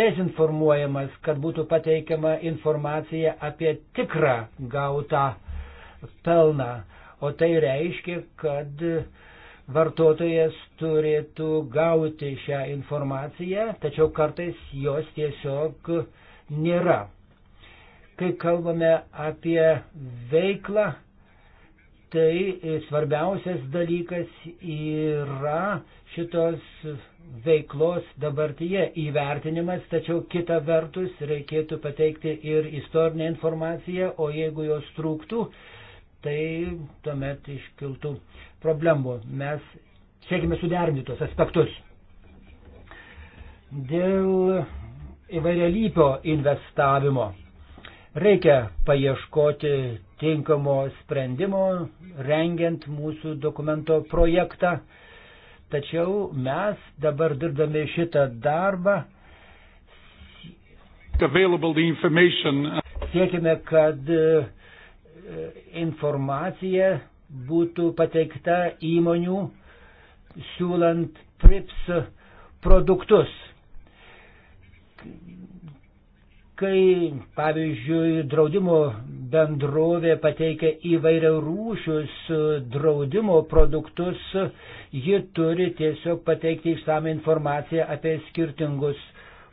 dezinformuojamas, kad būtų pateikiama informacija apie tikrą gautą pelną. O tai reiškia, kad uh, vartotojas turėtų gauti šią informaciją, tačiau kartais jos tiesiog nėra. Kai kalbame apie veiklą, tai svarbiausias dalykas yra šitos veiklos dabartyje įvertinimas, tačiau kita vertus reikėtų pateikti ir istorinę informaciją, o jeigu jos trūktų, tai tuomet iškiltų problemų. Mes siekime suderinti tos aspektus. Dėl įvairialypio investavimo reikia paieškoti tinkamo sprendimo, rengiant mūsų dokumento projektą. Tačiau mes dabar dirbdami šitą darbą siekime, kad e, informacija būtų pateikta įmonių siūlant PRIPS produktus. Kai, pavyzdžiui, draudimo bendrovė pateikia įvairia rūšius draudimo produktus, ji turi tiesiog pateikti išsame informaciją apie skirtingus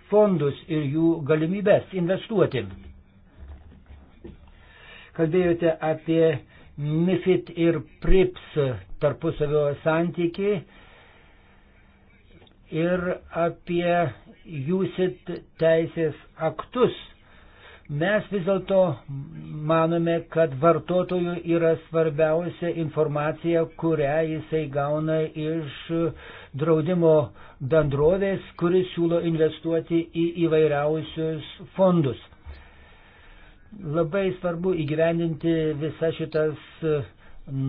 fondus ir jų galimybės investuoti. Kalbėjote apie MIFID ir PRIPS tarpusavio santyki ir apie jūsit teisės aktus. Mes vis dėlto manome, kad vartotojų yra svarbiausia informacija, kurią jisai gauna iš draudimo bendrovės, kuris siūlo investuoti į įvairiausius fondus. Labai svarbu įgyvendinti visas šitas e,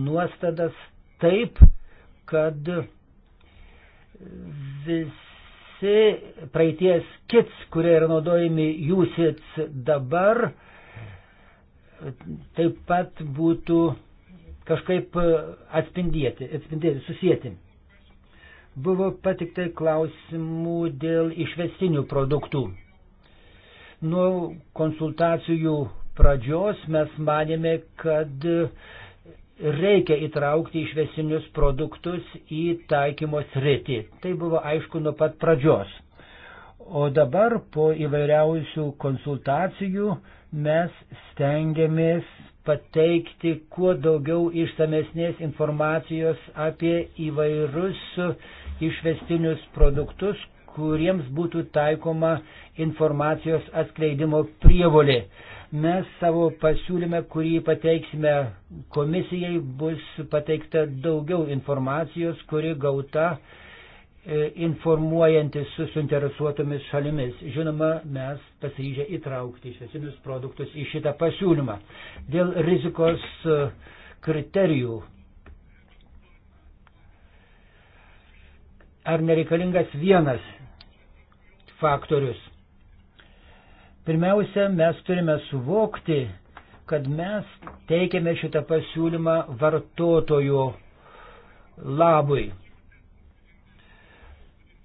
nuostadas taip, kad visi praeities kits, kurie yra naudojami jūsits dabar, taip pat būtų kažkaip atspindėti, atspindėti, susijęti. Buvo patiktai klausimų dėl išvestinių produktų. Nuo konsultacijų pradžios mes manėme, kad reikia įtraukti išvesinius produktus į taikymo sritį. Tai buvo aišku nuo pat pradžios. O dabar po įvairiausių konsultacijų mes stengiamės pateikti kuo daugiau išsamesnės informacijos apie įvairius išvestinius produktus, kuriems būtų taikoma informacijos atskleidimo prievolė. Mes savo pasiūlyme, kurį pateiksime komisijai, bus pateikta daugiau informacijos, kuri gauta e, informuojantis su suinteresuotomis šalimis. Žinoma, mes pasiryžę įtraukti šios produktus į šitą pasiūlymą. Dėl rizikos e, kriterijų ar nereikalingas vienas faktorius. Pirmiausia, mes turime suvokti, kad mes teikiame šitą pasiūlymą vartotojo labui.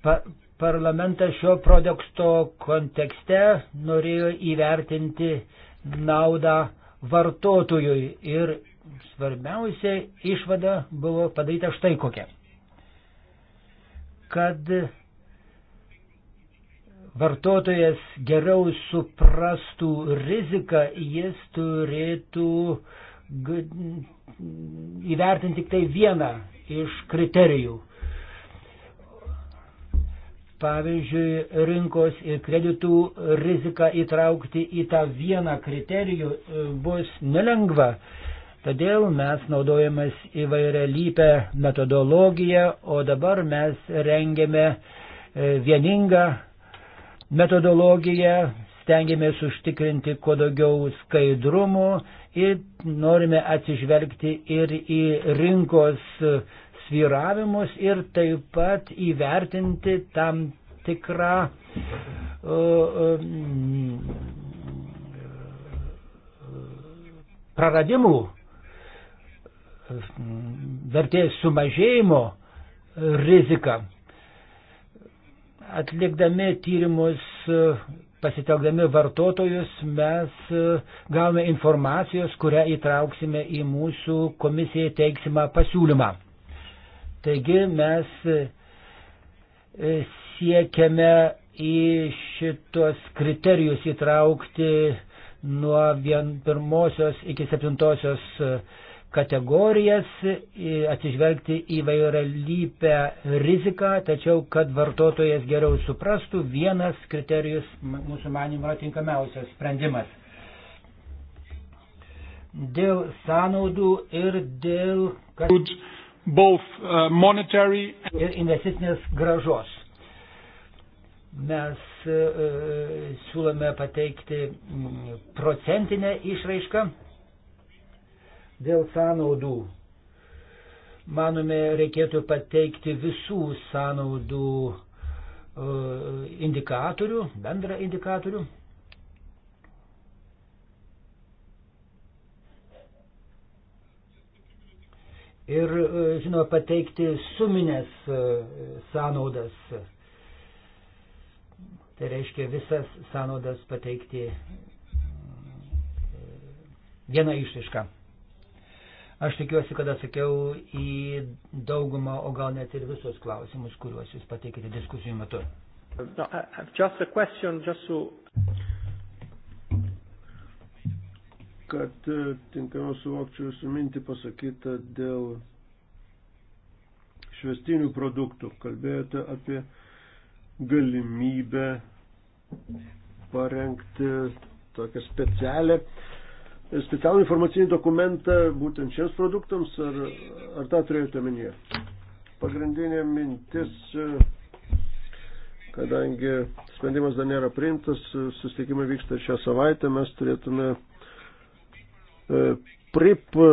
Pa parlamentas šio produkto kontekste norėjo įvertinti naudą vartotojui ir svarbiausia išvada buvo padaryta štai kokia. Kad vartotojas geriau suprastų riziką, jis turėtų įvertinti tik tai vieną iš kriterijų. Pavyzdžiui, rinkos ir kreditų riziką įtraukti į tą vieną kriterijų e, bus nelengva. Todėl mes naudojamės įvairią lypę metodologiją, o dabar mes rengiame e, vieningą metodologiją, stengiamės užtikrinti kuo daugiau skaidrumo ir norime atsižvelgti ir į rinkos sviravimus ir taip pat įvertinti tam tikrą uh, um, praradimų vertės sumažėjimo riziką. Atlikdami tyrimus, pasitelkdami vartotojus, mes e, gavome informacijos, kurią įtrauksime į mūsų komisijai teiksimą pasiūlymą. Taigi mes e, e, siekiame į šitos kriterijus įtraukti nuo 1 iki 7 kategorijas, atsižvelgti į vairalypę riziką, tačiau kad vartotojas geriau suprastų, vienas kriterijus mūsų manimo yra tinkamiausias sprendimas. Dėl sąnaudų ir dėl kas... Both, uh, monetary... ir investicinės gražos. Mes uh, siūlome pateikti procentinę išraišką Dėl sąnaudų. Manome, reikėtų pateikti visų sąnaudų e, indikatorių, bendrą indikatorių. Ir, e, žinoma, pateikti suminės e, sąnaudas. Tai reiškia visas sąnaudas pateikti vieną išraišką. Aš tikiuosi, kad atsakiau į daugumą, o gal net ir visus klausimus, kuriuos jūs pateikite diskusijų metu. No, just a question, just to... Kad e, tinkamiau suvokčiau jūsų mintį pasakytą dėl švestinių produktų. Kalbėjote apie galimybę parengti tokią specialią specialų informacinį dokumentą būtent šiems produktams, ar, ar tą turėjote omenyje? Pagrindinė mintis, kadangi sprendimas dar nėra priimtas, susitikimai vyksta šią savaitę, mes turėtume e, PRIP e,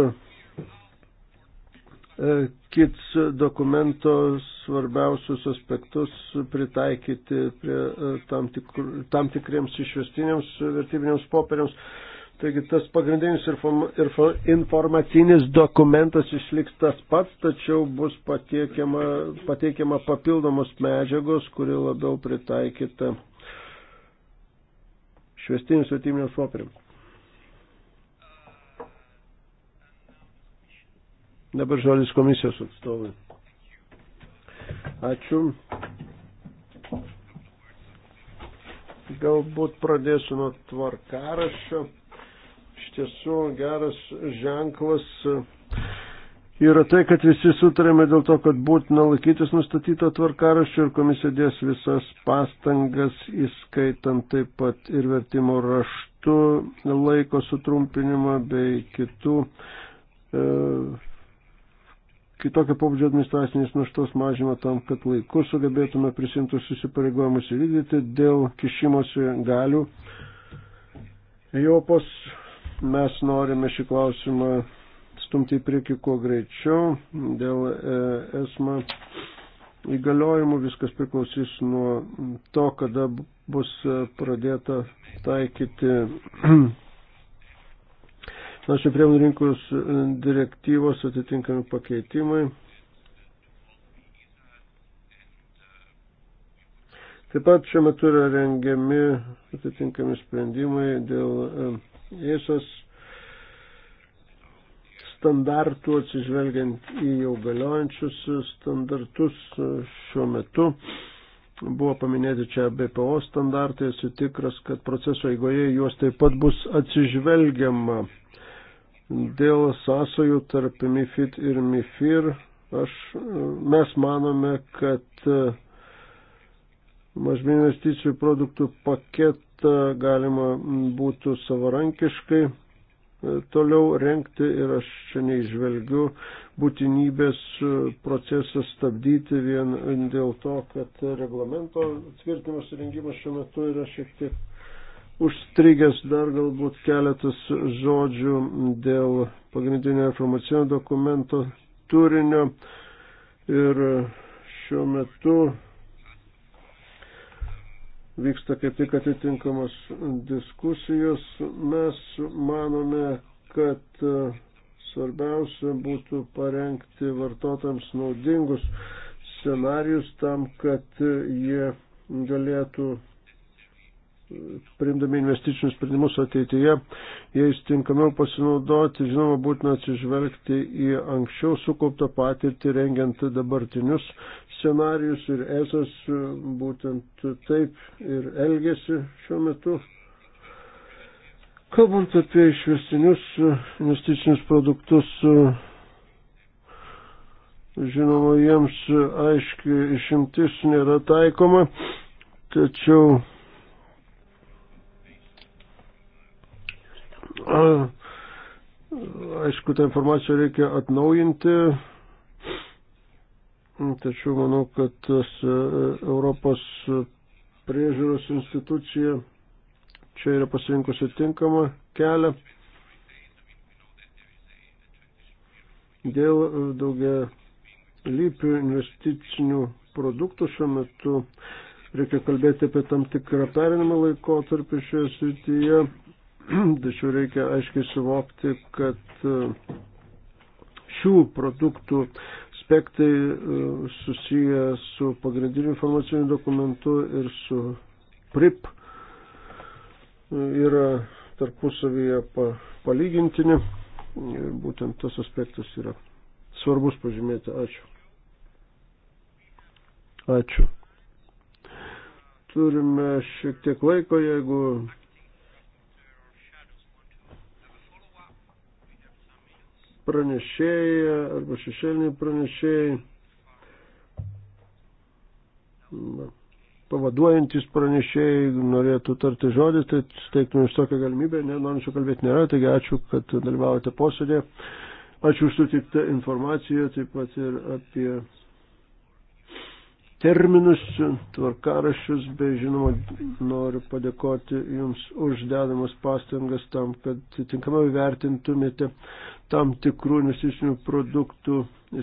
kits dokumento svarbiausius aspektus pritaikyti prie e, tam, tikr, tam tikriems išvestiniams vertybiniams popieriams Taigi tas pagrindinis informacinis dokumentas išliks tas pats, tačiau bus pateikiama, pateikiama papildomos medžiagos, kuri labiau pritaikyta švestinius vertybinius popieriams. Dabar žodis komisijos atstovai. Ačiū. Galbūt pradėsiu nuo tvarkaraščio tiesų geras ženklas yra tai, kad visi sutarėme dėl to, kad būtina laikytis nustatyto tvarkaraščio ir komisija dės visas pastangas, įskaitant taip pat ir vertimo raštu laiko sutrumpinimą bei kitų. E, kitokio pobūdžio administracinės naštos mažymą tam, kad laiku sugebėtume prisimtus susipareigojimus įvykdyti dėl kišimosi galių. Europos mes norime šį klausimą stumti į priekį kuo greičiau. Dėl e, esma įgaliojimų viskas priklausys nuo to, kada bus e, pradėta taikyti <clears throat> našio priemonių rinkos e, direktyvos atitinkami pakeitimai. Taip pat šiuo metu yra rengiami atitinkami sprendimai dėl visos standartų atsižvelgiant į jau galiojančius standartus šiuo metu. Buvo paminėti čia BPO standartai, esu tikras, kad proceso eigoje juos taip pat bus atsižvelgiama. Dėl sąsojų tarp MIFID ir MIFIR aš, mes manome, kad mažminių investicijų produktų paketas E, galima būtų savarankiškai e, toliau renkti ir aš čia neižvelgiu būtinybės e, procesą stabdyti vien dėl to, kad reglamento tvirtinimas ir rengimas šiuo metu yra šiek tiek užstrigęs dar galbūt keletas žodžių dėl pagrindinio informacinio dokumento turinio ir šiuo metu vyksta kaip tik atitinkamos diskusijos. Mes manome, kad e, svarbiausia būtų parengti vartotojams naudingus scenarius tam, kad jie galėtų e, priimdami investicinius sprendimus ateityje, jais tinkamiau pasinaudoti, žinoma, būtina atsižvelgti į anksčiau sukauptą patirtį rengiant dabartinius scenarius ir esas e, būtent taip ir elgesi šiuo metu. Kalbant apie išvestinius e, investicinius produktus, e, žinoma, jiems aiški išimtis nėra taikoma, tačiau aišku, tą informaciją reikia atnaujinti tačiau manau, kad tas e, Europos priežiūros institucija čia yra pasirinkusi tinkamą kelią. Dėl daugia lypių investicinių produktų šiuo metu reikia kalbėti apie tam tikrą perinamą laikotarpį šioje srityje, <clears throat> tačiau reikia aiškiai suvokti, kad e, šių produktų aspektai e, susiję su pagrindiniu informaciniu dokumentu ir su PRIP e, yra tarpusavyje palygintini. Ir e, būtent tas aspektas yra svarbus pažymėti. Ačiū. Ačiū turime šiek tiek laiko, jeigu pranešėjai arba šešėliniai pranešėjai, pavaduojantis pranešėjai norėtų tarti žodį, tai suteiktume iš tokią galimybę, nenorinčių kalbėti nėra, taigi ačiū, kad dalyvavote posėdėje. Ačiū už sutiktą informaciją, taip pat ir apie terminus, tvarkarašius, bei žinoma, noriu padėkoti Jums uždedamas pastangas tam, kad tinkamai vertintumėte tam tikrų investicinių produktų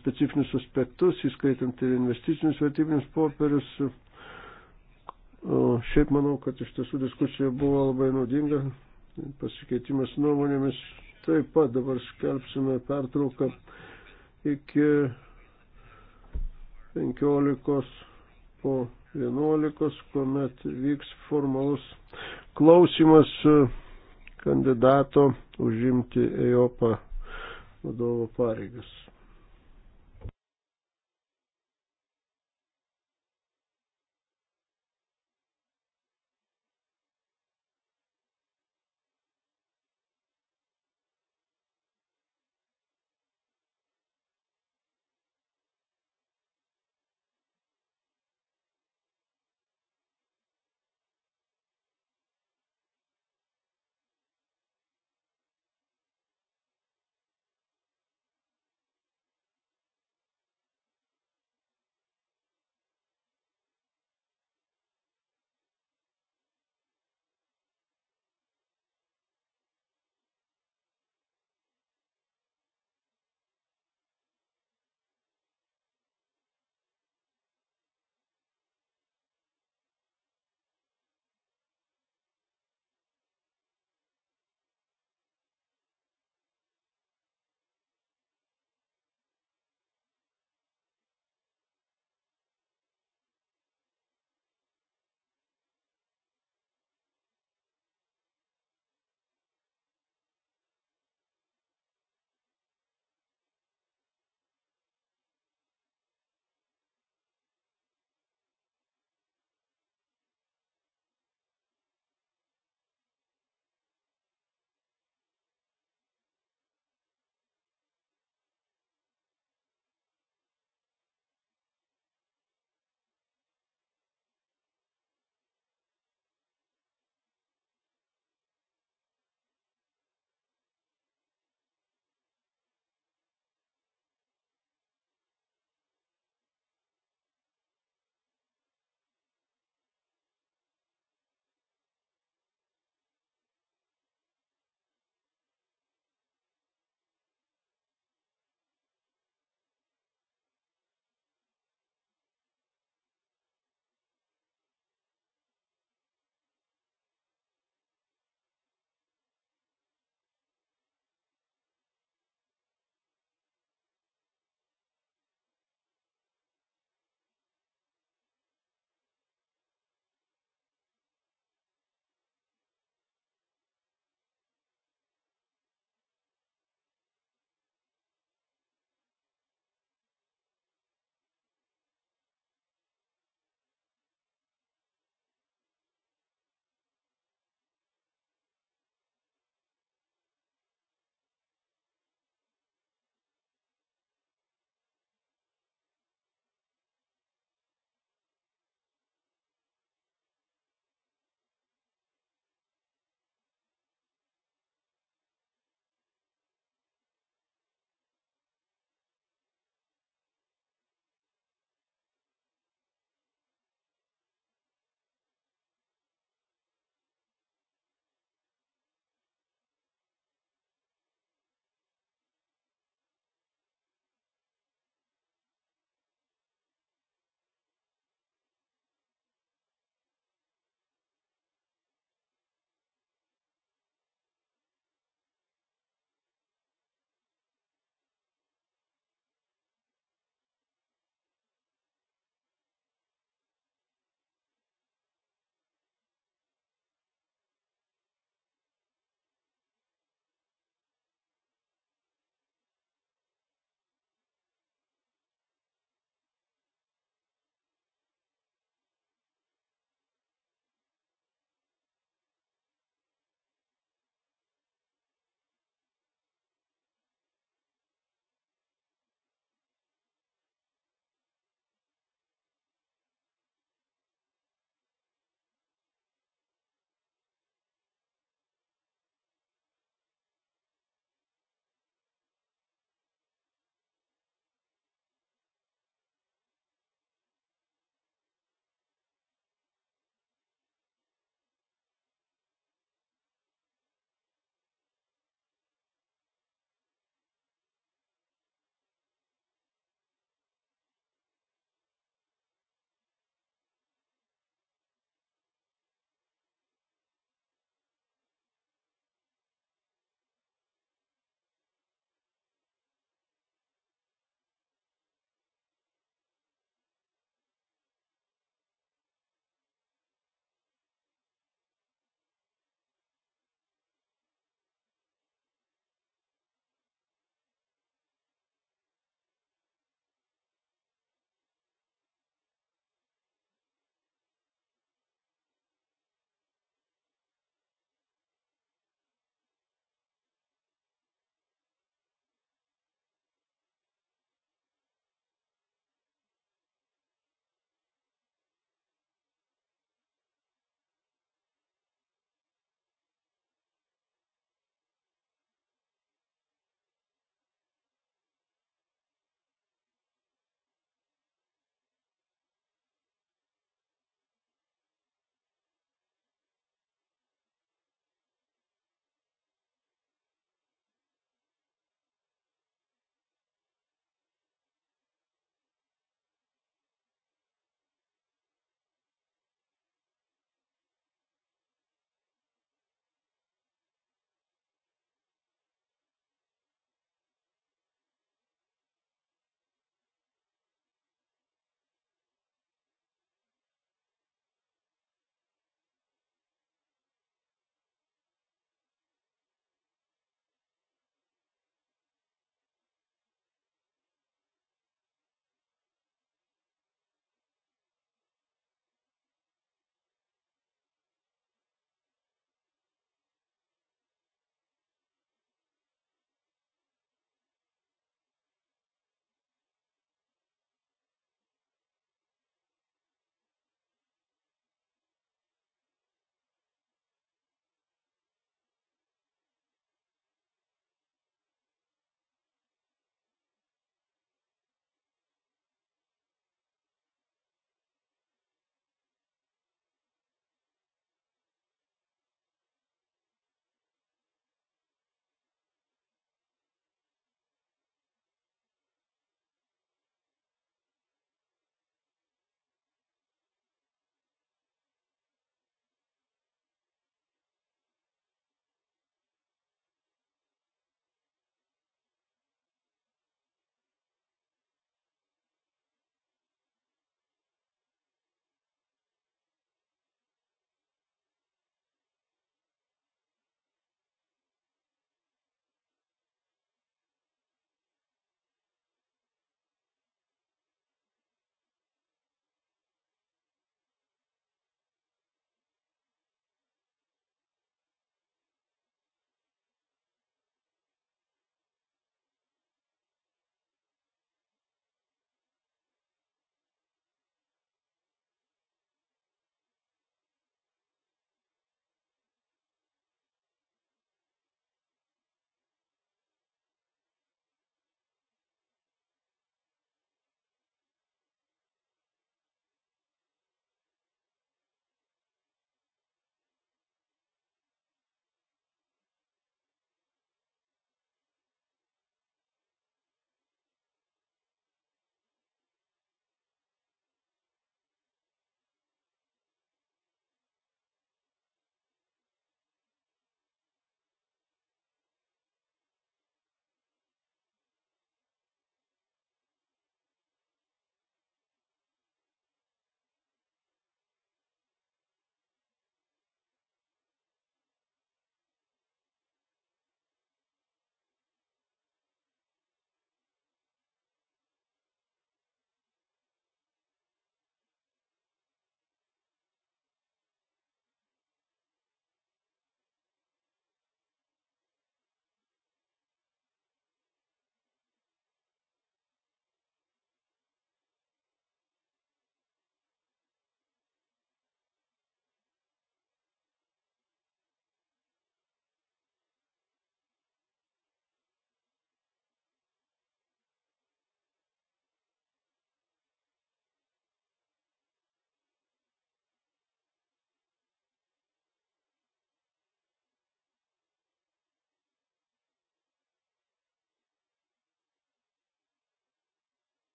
specifinius aspektus, įskaitant ir investicinius vertybinius popierius. O šiaip manau, kad iš tiesų diskusija buvo labai naudinga, pasikeitimas nuomonėmis. Taip pat dabar skelbsime pertrauką iki 15 po 11, kuomet vyks formalus klausimas e, kandidato užimti EOPA vadovo pareigas.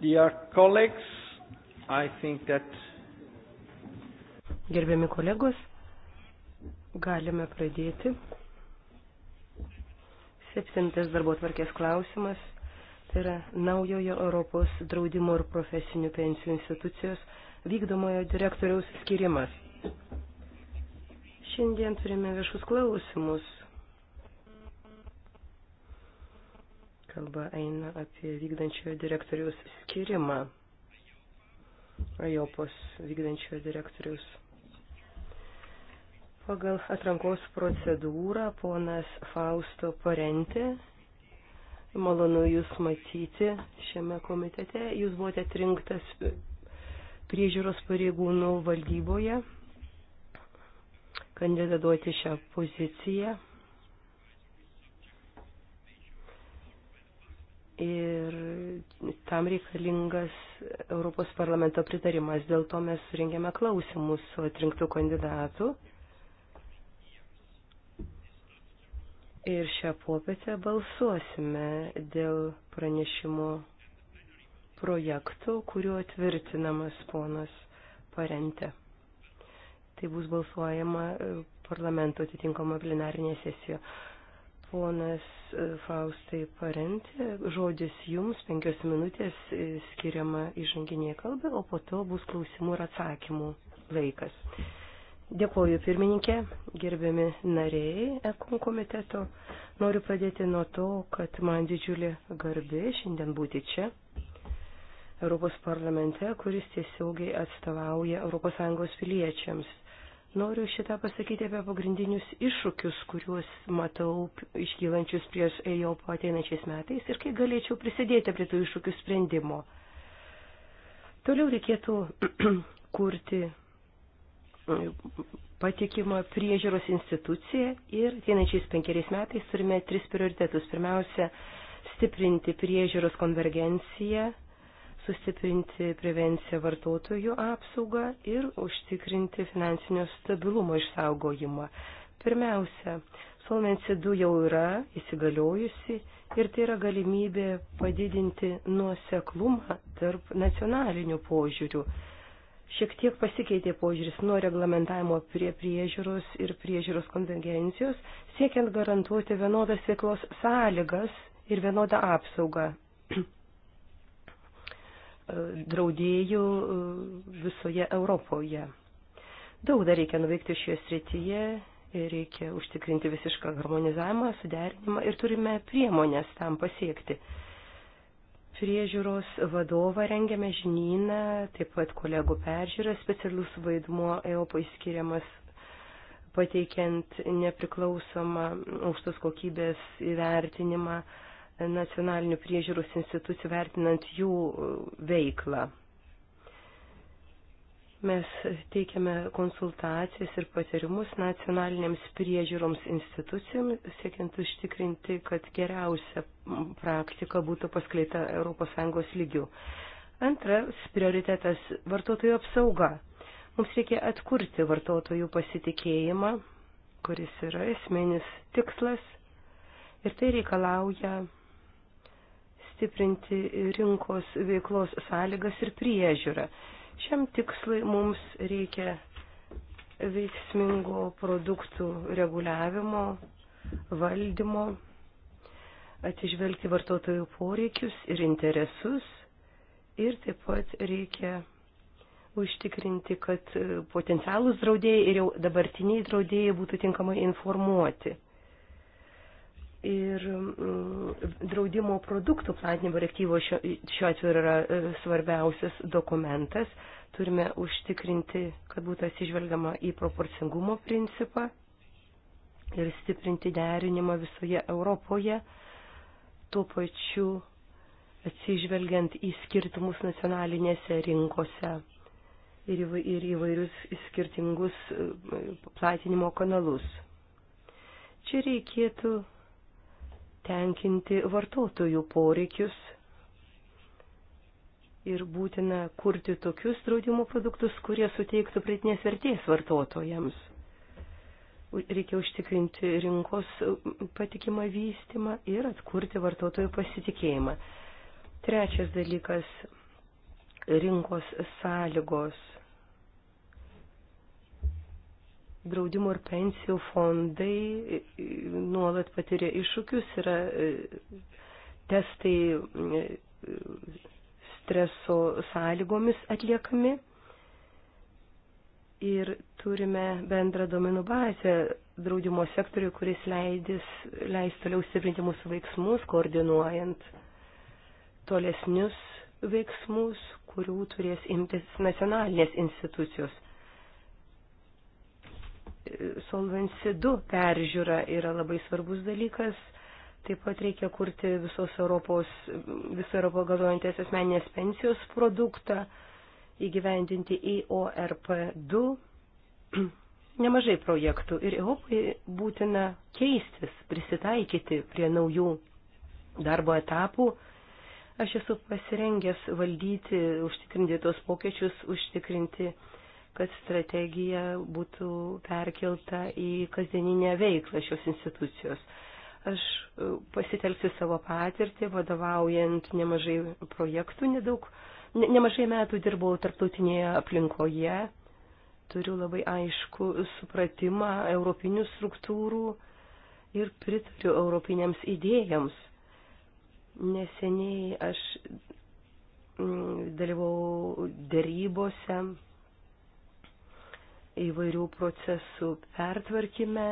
Dear colleagues, I think that. Gerbiami kolegos, galime pradėti. Septintas darbo tvarkės klausimas tai yra naujojo Europos draudimo ir profesinių pensijų institucijos vykdomojo direktoriaus skirimas. Šiandien turime viešus klausimus Kalba eina apie vykdančiojo direktoriaus skirimą. Ajopos vykdančiojo direktoriaus. Pagal atrankos procedūrą ponas Fausto Parentė, malonu Jūs matyti šiame komitete. Jūs buvote atrinktas priežiūros pareigūnų valdyboje kandidatuoti šią poziciją. ir tam reikalingas Europos parlamento pritarimas. Dėl to mes surengėme klausimus su atrinktų kandidatų. Ir šią popietę balsuosime dėl pranešimo projekto, kuriuo tvirtinamas ponas Parente. Tai bus balsuojama e, parlamento atitinkama plenarinė sesija. Ponas e, Faustai parentė, žodis jums penkios minutės e, skiriama įžanginėje kalbai, o po to bus klausimų ir atsakymų laikas. Dėkoju pirmininkė, gerbiami nariai EKON komiteto. Noriu pradėti nuo to, kad man didžiulė garbė šiandien būti čia, Europos parlamente, kuris tiesiogiai atstovauja ES piliečiams. Noriu šitą pasakyti apie pagrindinius iššūkius, kuriuos matau iškylančius prieš jau ateinančiais metais ir kaip galėčiau prisidėti prie tų iššūkių sprendimo. Toliau reikėtų <clears throat> kurti e, patikimą priežiūros instituciją ir ateinančiais penkeriais metais turime tris prioritetus. Pirmiausia, stiprinti priežiūros konvergenciją sustiprinti prevenciją vartotojų apsaugą ir užtikrinti finansinio stabilumo išsaugojimą. Pirmiausia, Solvency 2 jau yra įsigaliojusi ir tai yra galimybė padidinti nuoseklumą tarp nacionalinių požiūrių. Šiek tiek pasikeitė požiūris nuo reglamentavimo prie priežiūros ir priežiūros konvergencijos, siekiant garantuoti vienodas veiklos sąlygas ir vienodą apsaugą draudėjų e, visoje Europoje. Daug dar reikia nuveikti šioje srityje ir reikia užtikrinti visišką harmonizavimą, suderinimą ir turime priemonės tam pasiekti. Priežiūros vadovą rengiame žinyną, taip pat kolegų peržiūrą, specialus vaidmuo EOPO įskiriamas pateikiant nepriklausomą aukštos kokybės įvertinimą nacionalinių priežiūros institucijų vertinant jų e, veiklą. Mes teikiame konsultacijas ir patarimus nacionalinėms priežiūroms institucijoms, siekiant užtikrinti, kad geriausia praktika būtų paskleita ES lygių. Antras prioritetas - vartotojų apsauga. Mums reikia atkurti vartotojų pasitikėjimą, kuris yra esminis tikslas ir tai reikalauja stiprinti rinkos veiklos sąlygas ir priežiūrą. Šiam tikslui mums reikia veiksmingo produktų reguliavimo, valdymo, atsižvelgti vartotojų poreikius ir interesus ir taip pat reikia užtikrinti, kad potencialus draudėjai ir jau dabartiniai draudėjai būtų tinkamai informuoti ir mm, draudimo produktų platinimo direktyvo šiuo, šiuo atveju yra e, svarbiausias dokumentas. Turime užtikrinti, kad būtų atsižvelgiama į proporcingumo principą ir stiprinti derinimą visoje Europoje, tuo pačiu atsižvelgiant į skirtumus nacionalinėse rinkose ir, įva, ir įvairius skirtingus e, platinimo kanalus. Čia reikėtų tenkinti vartotojų poreikius ir būtina kurti tokius draudimo produktus, kurie suteiktų pritinės vertės vartotojams. Reikia užtikrinti rinkos patikimą vystimą ir atkurti vartotojų pasitikėjimą. Trečias dalykas - rinkos sąlygos draudimo ir pensijų fondai nuolat patiria iššūkius, yra e, testai e, streso sąlygomis atliekami ir turime bendrą domenų bazę draudimo sektoriui, kuris leidis, leis toliau stiprinti mūsų veiksmus, koordinuojant tolesnius veiksmus, kurių turės imtis nacionalinės institucijos. Solvency 2 peržiūra yra labai svarbus dalykas. Taip pat reikia kurti visos Europos, viso Europo galvojantės asmeninės pensijos produktą, įgyvendinti IORP e 2. <clears throat> Nemažai projektų ir Europai būtina keistis, prisitaikyti prie naujų darbo etapų. Aš esu pasirengęs valdyti, užtikrinti tos pokyčius, užtikrinti uh, kad strategija būtų perkelta į kasdieninę veiklą šios institucijos. Aš e, pasitelksiu savo patirtį, vadovaujant nemažai projektų, nedaug, ne, nemažai metų dirbau tarptautinėje aplinkoje, turiu labai aišku supratimą europinių struktūrų ir pritariu europinėms idėjams. Neseniai aš dalyvau dėrybose įvairių procesų pertvarkime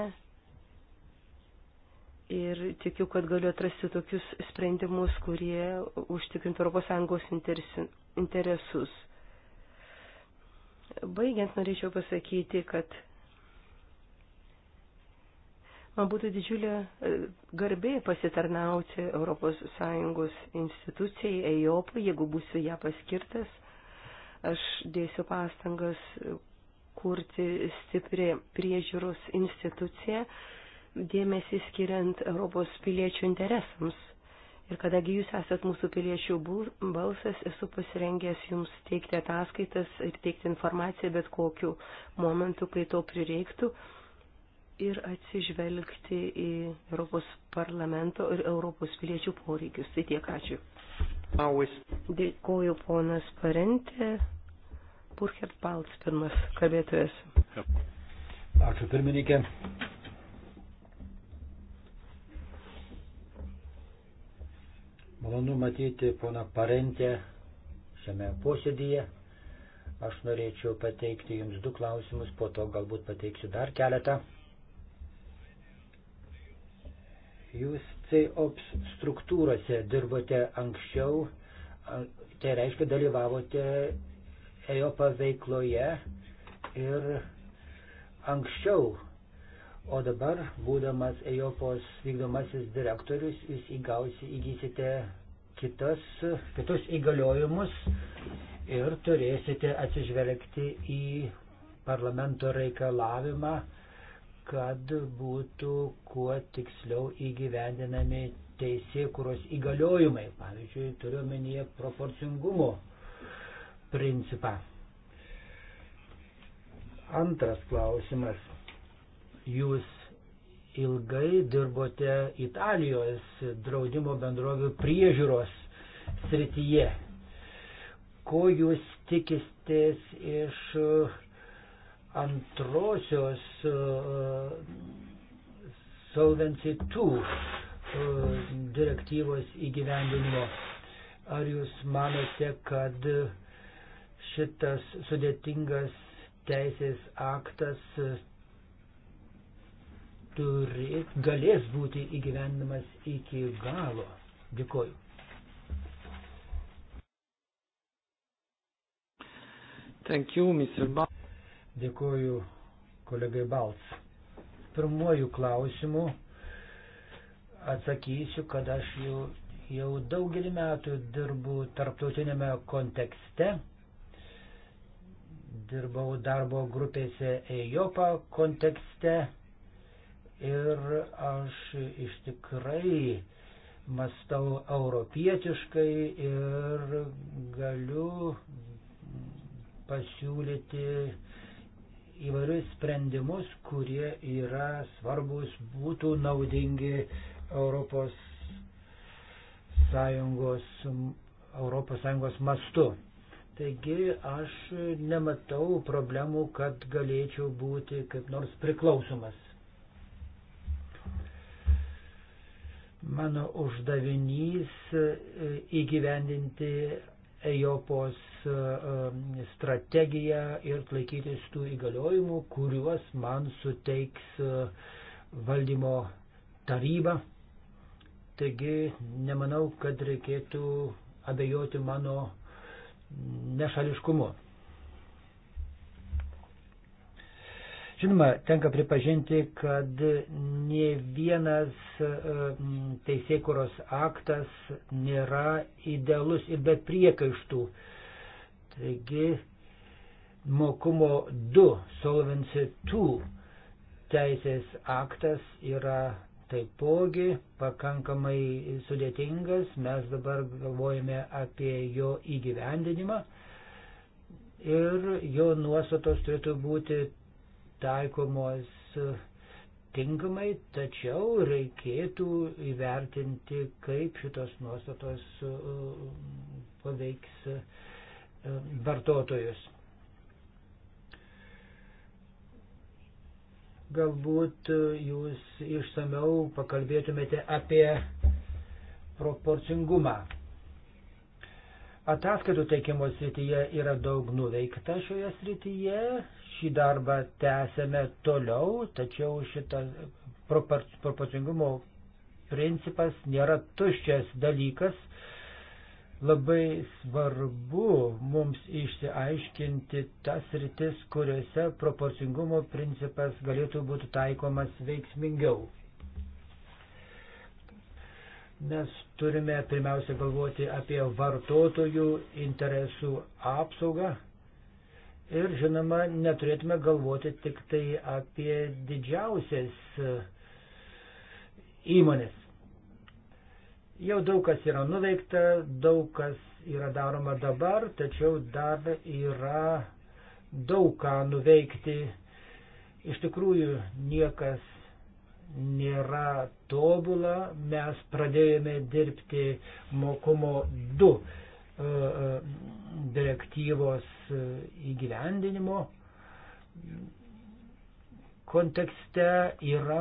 ir tikiu, kad galiu atrasti tokius sprendimus, kurie užtikrintų ES interesus. Baigiant, norėčiau pasakyti, kad man būtų didžiulė e, garbė pasitarnauti ES institucijai EIOP, jeigu būsiu ją paskirtas. Aš dėsiu pastangas kurti stiprią priežiūros instituciją, dėmesį skiriant Europos piliečių interesams. Ir kadangi jūs esat mūsų piliečių balsas, esu pasirengęs jums teikti ataskaitas ir teikti informaciją bet kokiu momentu, kai to prireiktų, ir atsižvelgti į Europos parlamento ir Europos piliečių poreikius. Tai tiek ačiū. Dėkoju ponas Parentė. Burkhard Balts, pirmas kalbėtojas. Ačiū pirmininkė. Malonu matyti poną Parentę šiame posėdyje. Aš norėčiau pateikti Jums du klausimus, po to galbūt pateiksiu dar keletą. Jūs CEOPS struktūrose dirbote anksčiau, tai reiškia dalyvavote EOPA veikloje ir anksčiau. O dabar, būdamas EOPOS vykdomasis direktorius, jūs įgausi, įgysite kitas, kitus įgaliojimus ir turėsite atsižvelgti į parlamento reikalavimą, kad būtų kuo tiksliau įgyvendinami teisėkuros įgaliojimai. Pavyzdžiui, turiu menyje proporcingumo principą. Antras klausimas. Jūs ilgai dirbote Italijos draudimo bendrovių priežiūros srityje. Ko jūs tikistės iš uh, antrosios uh, Solvency 2 uh, direktyvos įgyvendinimo? Ar jūs manote, kad uh, šitas sudėtingas teisės aktas turi, galės būti įgyvendinamas iki galo. Dėkoju. Thank you, Mr. Balts. Dėkoju kolegai Balts. Pirmuoju klausimu atsakysiu, kad aš jau, jau daugelį metų dirbu tarptautinėme kontekste dirbau darbo grupėse EJOPA kontekste ir aš iš tikrai mastau europietiškai ir galiu pasiūlyti įvairius sprendimus, kurie yra svarbus, būtų naudingi Europos Sąjungos, Europos Sąjungos mastu. Taigi aš nematau problemų, kad galėčiau būti kaip nors priklausomas. Mano uždavinys e, įgyvendinti Ejopos e, e, strategiją ir laikytis tų įgaliojimų, kuriuos man suteiks valdymo taryba. Taigi nemanau, kad reikėtų abejoti mano nešališkumu. Žinoma, tenka pripažinti, kad ne vienas e, teisėkuros aktas nėra idealus ir be priekaištų. Taigi, mokumo 2, Solvency 2 teisės aktas yra taipogi pakankamai sudėtingas, mes dabar galvojame apie jo įgyvendinimą ir jo nuostatos turėtų būti taikomos tinkamai, tačiau reikėtų įvertinti, kaip šitos nuostatos uh, paveiks uh, vartotojus. Galbūt jūs išsameu pakalbėtumėte apie proporcingumą. Ataskaitų teikimo srityje yra daug nuveikta šioje srityje, šį darbą tęsėme toliau, tačiau šitas proporcingumo principas nėra tuščias dalykas, Labai svarbu mums išsiaiškinti tas rytis, kuriuose proporcingumo principas galėtų būti taikomas veiksmingiau. Mes turime pirmiausia galvoti apie vartotojų interesų apsaugą, Ir žinoma, neturėtume galvoti tik tai apie didžiausias e, įmonės. Jau daug kas yra nuveikta, daug kas yra daroma dabar, tačiau dar yra daug ką nuveikti. Iš tikrųjų, niekas nėra tobula. Mes pradėjome dirbti mokumo 2 e, e, direktyvos e, įgyvendinimo kontekste yra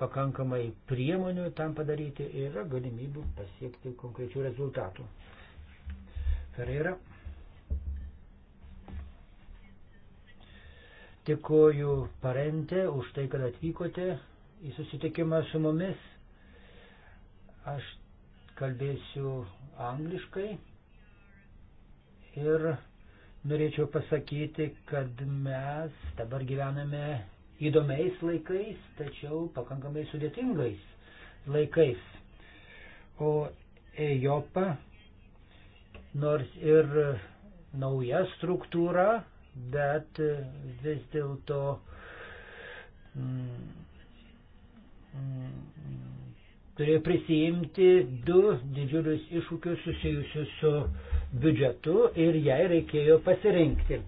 pakankamai priemonių tam padaryti ir yra galimybių pasiekti konkrečių rezultatų. Ferreira. Dėkoju parente už tai, kad atvykote į susitikimą su mumis. Aš kalbėsiu angliškai ir norėčiau pasakyti, kad mes dabar gyvename įdomiais laikais, tačiau pakankamai sudėtingais laikais. O Ejopa, nors ir nauja struktūra, bet vis dėlto mm, mm, turėjo prisijimti du didžiulius iššūkius susijusius su biudžetu ir jai reikėjo pasirinkti.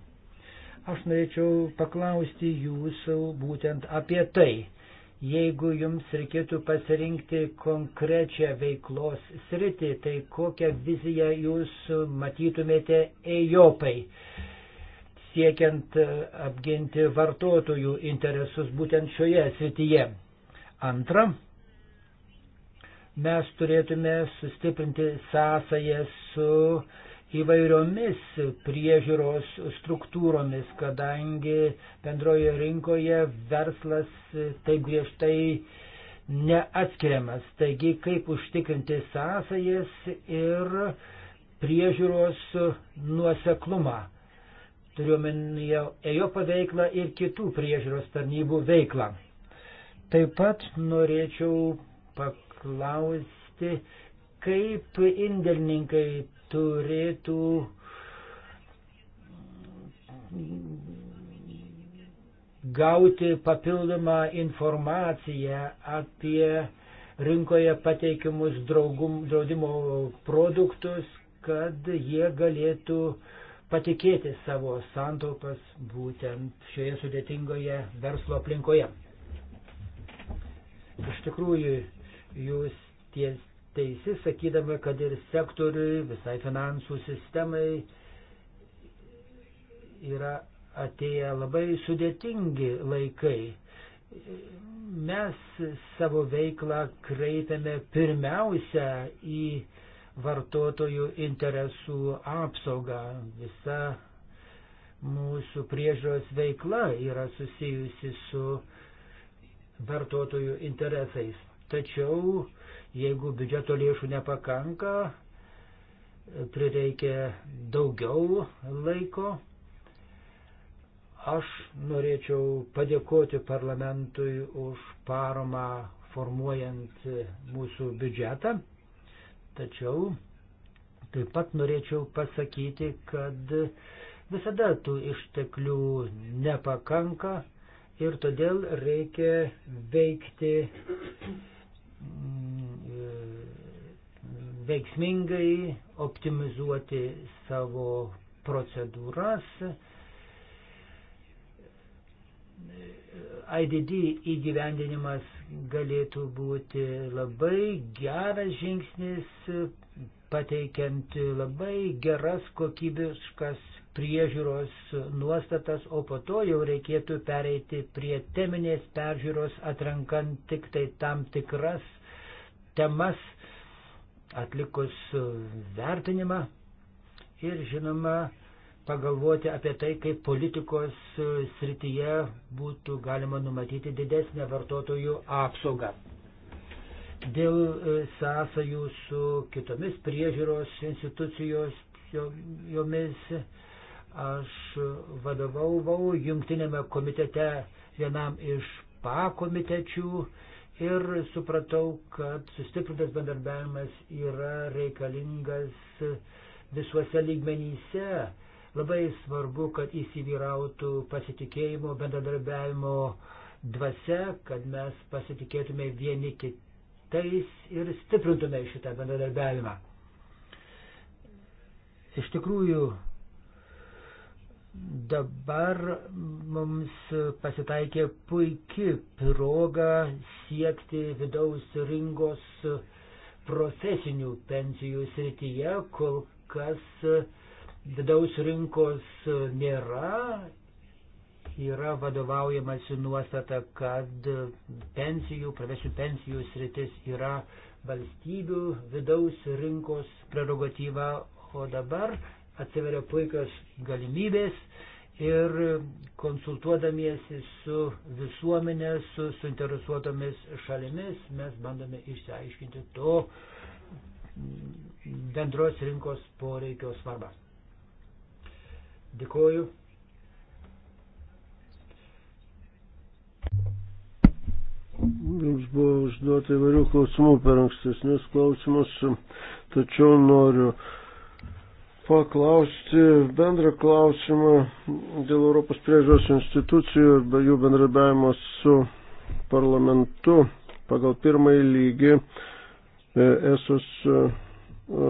Aš norėčiau paklausti jūsų būtent apie tai. Jeigu jums reikėtų pasirinkti konkrečią veiklos sritį, tai kokią viziją jūs matytumėte ejopai, siekiant e, apginti vartotojų interesus būtent šioje srityje. Antra, mes turėtume sustiprinti sąsają su uh, įvairiomis priežiūros struktūromis, kadangi bendroje rinkoje verslas taip griežtai neatskiriamas. Taigi, kaip užtikrinti sąsajas ir priežiūros nuoseklumą. Turiuomenyje EJO paveiklą ir kitų priežiūros tarnybų veiklą. Taip pat norėčiau paklausti, kaip indėlininkai turėtų gauti papildomą informaciją apie rinkoje pateikiamus draudimo produktus, kad jie galėtų patikėti savo santaupas būtent šioje sudėtingoje verslo aplinkoje. Iš tikrųjų, jūs ties, teisi, sakydama, kad ir sektoriui, visai finansų sistemai yra atėję labai sudėtingi laikai. Mes savo veiklą kreipiame pirmiausia į vartotojų interesų apsaugą. Visa mūsų priežiūros veikla yra susijusi su vartotojų interesais. Tačiau Jeigu biudžeto lėšų nepakanka, prireikia daugiau laiko. Aš norėčiau padėkoti parlamentui už paramą formuojant mūsų biudžetą, tačiau taip pat norėčiau pasakyti, kad visada tų išteklių nepakanka ir todėl reikia veikti veiksmingai optimizuoti savo procedūras. IDD įgyvendinimas galėtų būti labai geras žingsnis, pateikiant labai geras kokybiškas priežiūros nuostatas, o po to jau reikėtų pereiti prie teminės peržiūros, atrenkant tik tai tam tikras temas, atlikus vertinimą ir žinoma pagalvoti apie tai, kaip politikos srityje būtų galima numatyti didesnę vartotojų apsaugą. Dėl e, sąsajų su kitomis priežiūros institucijos jomis aš vadovavau jungtinėme komitete vienam iš pakomitečių komitečių ir supratau, kad sustiprintas bendarbiavimas yra reikalingas visuose lygmenyse. Labai svarbu, kad įsivyrautų pasitikėjimo, bendradarbiavimo dvasia, kad mes pasitikėtume vieni kitais ir stiprintume šitą bendradarbiavimą. Iš tikrųjų, Dabar mums pasitaikė puikia proga siekti vidaus rinkos profesinių pensijų srityje, kol kas vidaus rinkos nėra. Yra vadovaujamasi nuostata, kad pensijų, profesinių pensijų sritis yra valstybių vidaus rinkos prerogatyva, o dabar atsiveria puikios galimybės ir konsultuodamiesi su visuomenė, su suinteresuotomis šalimis, mes bandome išsiaiškinti to bendros rinkos poreikio svarbą. Dėkuoju. Jums buvo užduota įvairių klausimų per ankstesnius klausimus, tačiau noriu paklausti bendrą klausimą dėl Europos priežiūros institucijų ir jų bendradarbiavimo su parlamentu pagal pirmąjį lygį. E, esos e, e,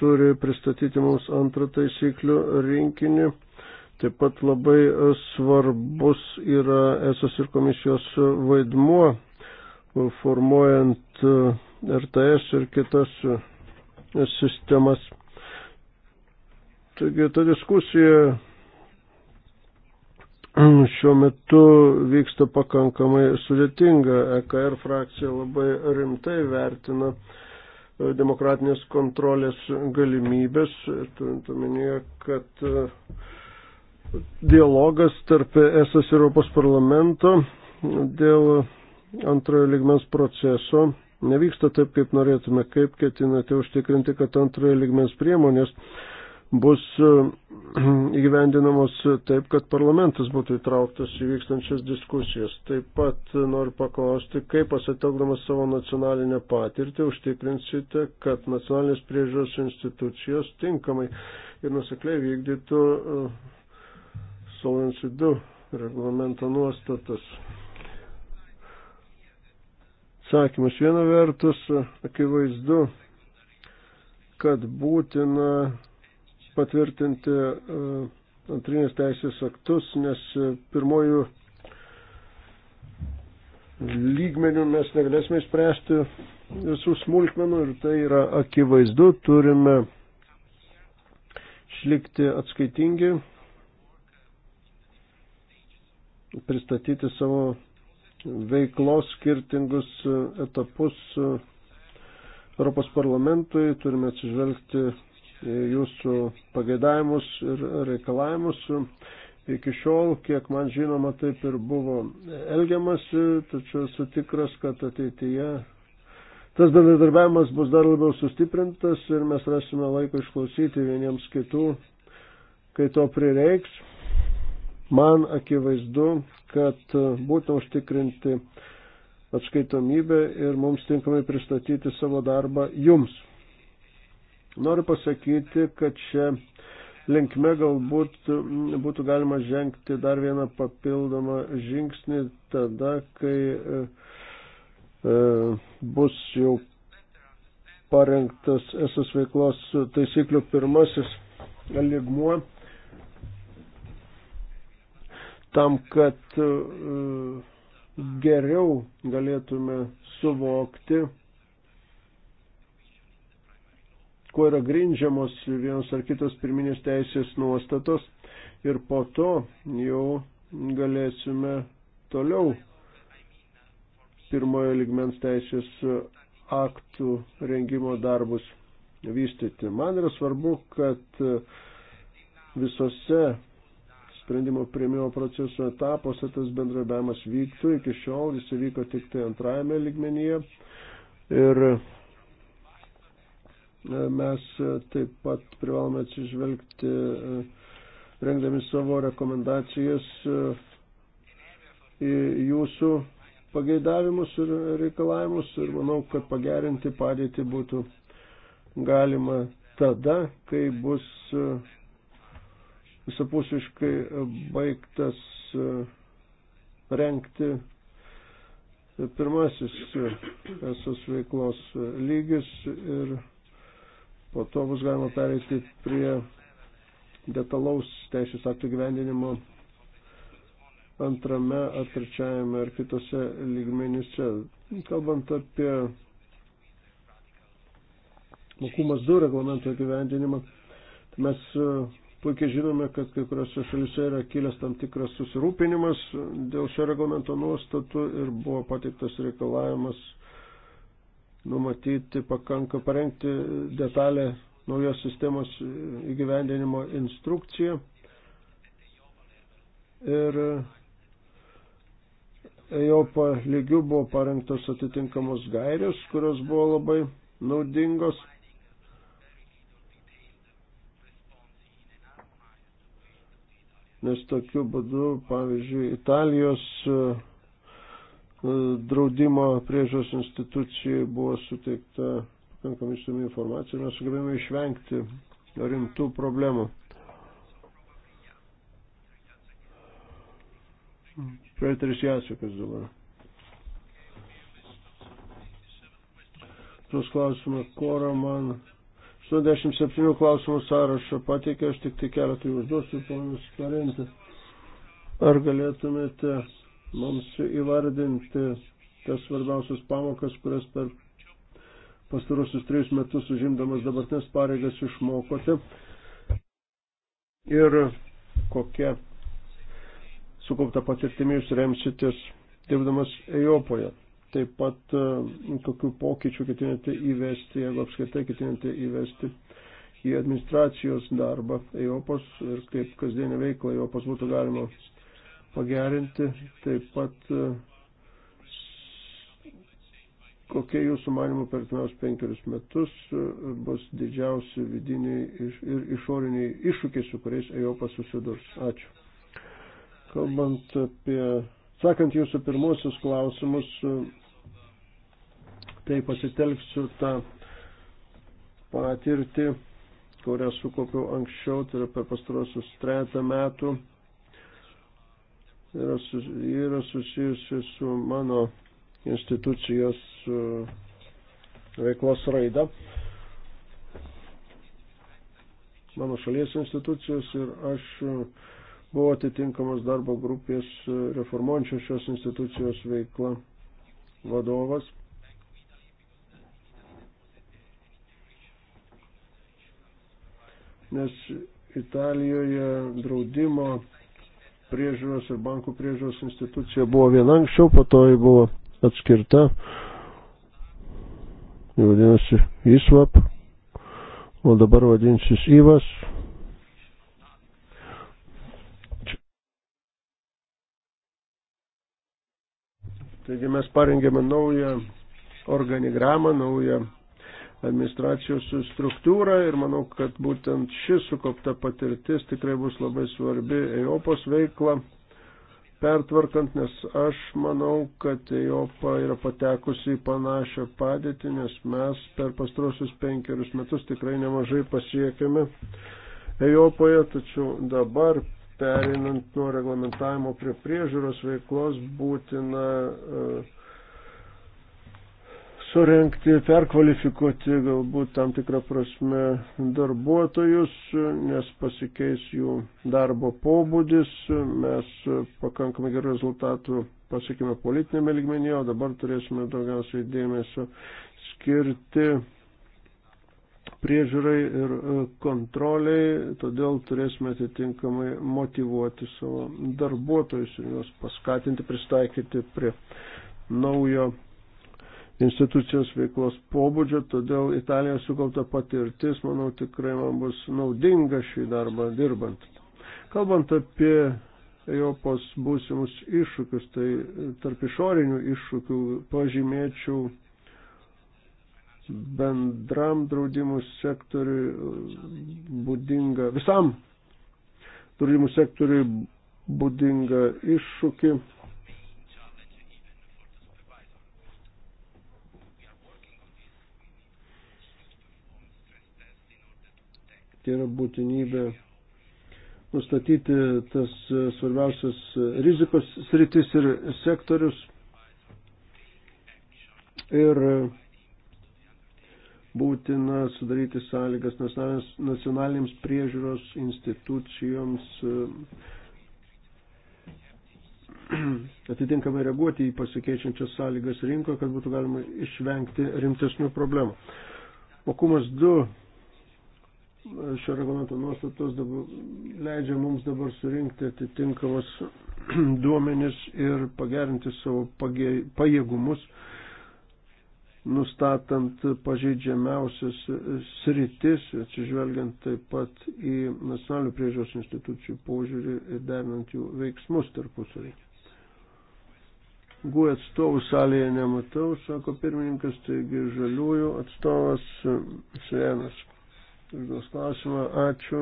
turi pristatyti mums antrą taisyklių rinkinį. Taip pat labai svarbus yra esos ir komisijos vaidmuo formuojant RTS ir kitas sistemas. Taigi ta diskusija šiuo metu vyksta pakankamai sudėtinga. EKR er frakcija labai rimtai vertina e, demokratinės kontrolės galimybės, turint omenyje, kad e, dialogas tarp ES ir Europos parlamento dėl antrojo ligmens proceso nevyksta taip, kaip norėtume, kaip ketinate užtikrinti, kad antrojo ligmens priemonės bus e, <clears throat> įgyvendinamos taip, kad parlamentas būtų įtrauktas į vykstančias diskusijas. Taip pat noriu paklausti, kaip pasitelkdamas savo nacionalinę patirtį užtikrinsite, kad nacionalinės priežiūros institucijos tinkamai ir nusekliai vykdytų e, Solvency 2 reglamento nuostatas. Sakymas viena vertus akivaizdu, kad būtina patvirtinti e, antrinės teisės aktus, nes e, pirmojų lygmenių mes negalėsime išspręsti visų smulkmenų ir tai yra akivaizdu, turime išlikti atskaitingi, pristatyti savo veiklos skirtingus e, etapus Europos parlamentui, turime atsižvelgti jūsų pageidavimus ir reikalavimus. Iki šiol, kiek man žinoma, taip ir buvo elgiamasi, tačiau esu tikras, kad ateityje tas bendradarbiavimas bus dar labiau sustiprintas ir mes rasime laiko išklausyti vieniems kitų, kai to prireiks. Man akivaizdu, kad būtent užtikrinti atskaitomybę ir mums tinkamai pristatyti savo darbą jums. Noriu pasakyti, kad čia linkme galbūt mm, būtų galima žengti dar vieną papildomą žingsnį tada, kai e, e, bus jau parengtas esos veiklos taisyklių pirmasis lygmuo tam, kad e, geriau galėtume suvokti kuo yra grindžiamos vienos ar kitos pirminės teisės nuostatos ir po to jau galėsime toliau pirmojo ligmens teisės aktų rengimo darbus vystyti. Man yra svarbu, kad visose sprendimo prieimimo proceso etapuose tas bendrabiavimas vyktų. Iki šiol jis vyko tik tai antrajame ligmenyje. Ir E, mes e, taip pat privalome atsižvelgti, e, rengdami savo rekomendacijas į jūsų pageidavimus ir reikalavimus ir manau, kad pagerinti padėtį būtų galima tada, kai bus visapusiškai baigtas renkti pirmasis esos veiklos lygis ir Po to bus galima pereiti prie detalaus teisės aktų gyvendinimo antrame ar trečiajame ar kitose lygmenyse. Kalbant apie mokumas 2 reglamento gyvendinimą, tai mes e, puikiai žinome, kad kai kuriuose šalise yra kilęs tam tikras susirūpinimas dėl šio reglamento nuostatų ir buvo pateiktas reikalavimas numatyti pakanka parengti detalę naujos sistemos įgyvendinimo instrukciją. Ir EOPA lygių buvo parengtos atitinkamos gairės, kurios buvo labai naudingos. Nes tokiu būdu, pavyzdžiui, Italijos E, draudimo priežos institucijai buvo suteikta pakankamai išsami informacija ir mes sugebėjome išvengti rimtų problemų. Petris Jasikas dabar. Tuos klausimus, korą man 87 klausimų sąrašą pateikė, aš tik tai keletą užduosiu, ponas Karinti. Ar galėtumėte mums įvardinti tas svarbiausias pamokas, kurias per pastarosius trejus metus užimdamas dabartinės pareigas išmokote ir kokia sukaupta patirtimi jūs remsitės dirbdamas Ejopoje. Taip pat e, kokių pokyčių ketinate įvesti, jeigu apskaitai ketinate įvesti į administracijos darbą Ejopos ir kaip kasdienį veiklą Ejopos būtų galima pagerinti. Taip pat e, kokie jūsų manimų per tenus penkerius metus e, bus didžiausi vidiniai ir išoriniai iššūkiai, su kuriais EOPA susidurs. Ačiū. Kalbant apie, sakant jūsų pirmosius klausimus, e, tai pasitelksiu tą patirtį, kurią sukaupiau anksčiau, tai yra per pastarosius trejata metų yra, sus, yra susijusi su mano institucijos e, veiklos raida, mano šalies institucijos ir aš buvau atitinkamas darbo grupės reformuojančios šios institucijos veikla vadovas. Nes Italijoje draudimo priežiūros ir bankų priežiūros institucija buvo viena anksčiau, po to ji buvo atskirta. Ji vadinasi ISVAP, o dabar vadinsis IVAS. Taigi mes parengėme naują organigramą, naują administracijos struktūrą ir manau, kad būtent ši sukaupta patirtis tikrai bus labai svarbi EOPOS veikla pertvarkant, nes aš manau, kad EOPA yra patekusi į panašią padėtį, nes mes per pastrosius penkerius metus tikrai nemažai pasiekėme EOPOje, tačiau dabar perinant nuo reglamentavimo prie priežiūros veiklos būtina uh, surenkti, perkvalifikuoti galbūt tam tikrą prasme darbuotojus, nes pasikeis jų darbo pobūdis, mes pakankamai gerų rezultatų pasiekime politinėme ligmenyje, o dabar turėsime daugiausiai dėmesio skirti priežiūrai ir kontroliai, todėl turėsime atitinkamai motivuoti savo darbuotojus ir juos paskatinti, pristaikyti prie naujo institucijos veiklos pobūdžio, todėl Italijoje sukaupta patirtis, manau, tikrai man bus naudinga šį darbą dirbant. Kalbant apie Europos būsimus iššūkius, tai tarp išorinių iššūkių pažymėčiau bendram draudimų sektoriui būdinga, visam draudimų sektoriui būdinga iššūkį tai yra būtinybė nustatyti tas svarbiausias rizikos sritis ir sektorius ir būtina sudaryti sąlygas nacionalinėms priežiūros institucijoms <clears throat> atitinkamai reaguoti į pasikeičiančias sąlygas rinkoje, kad būtų galima išvengti rimtesnių problemų. Mokumas 2 šio reglamento nuostatos dabar, leidžia mums dabar surinkti atitinkamus <clears throat> duomenis ir pagerinti savo pagė, pajėgumus, nustatant pažeidžiamiausias sritis, atsižvelgiant taip pat į nacionalinių priežiūros institucijų požiūrį ir derinant jų veiksmus tarpusavį. Gu atstovų salėje nematau, sako pirmininkas, taigi žaliųjų atstovas Svenas. Jums klausimą. Ačiū.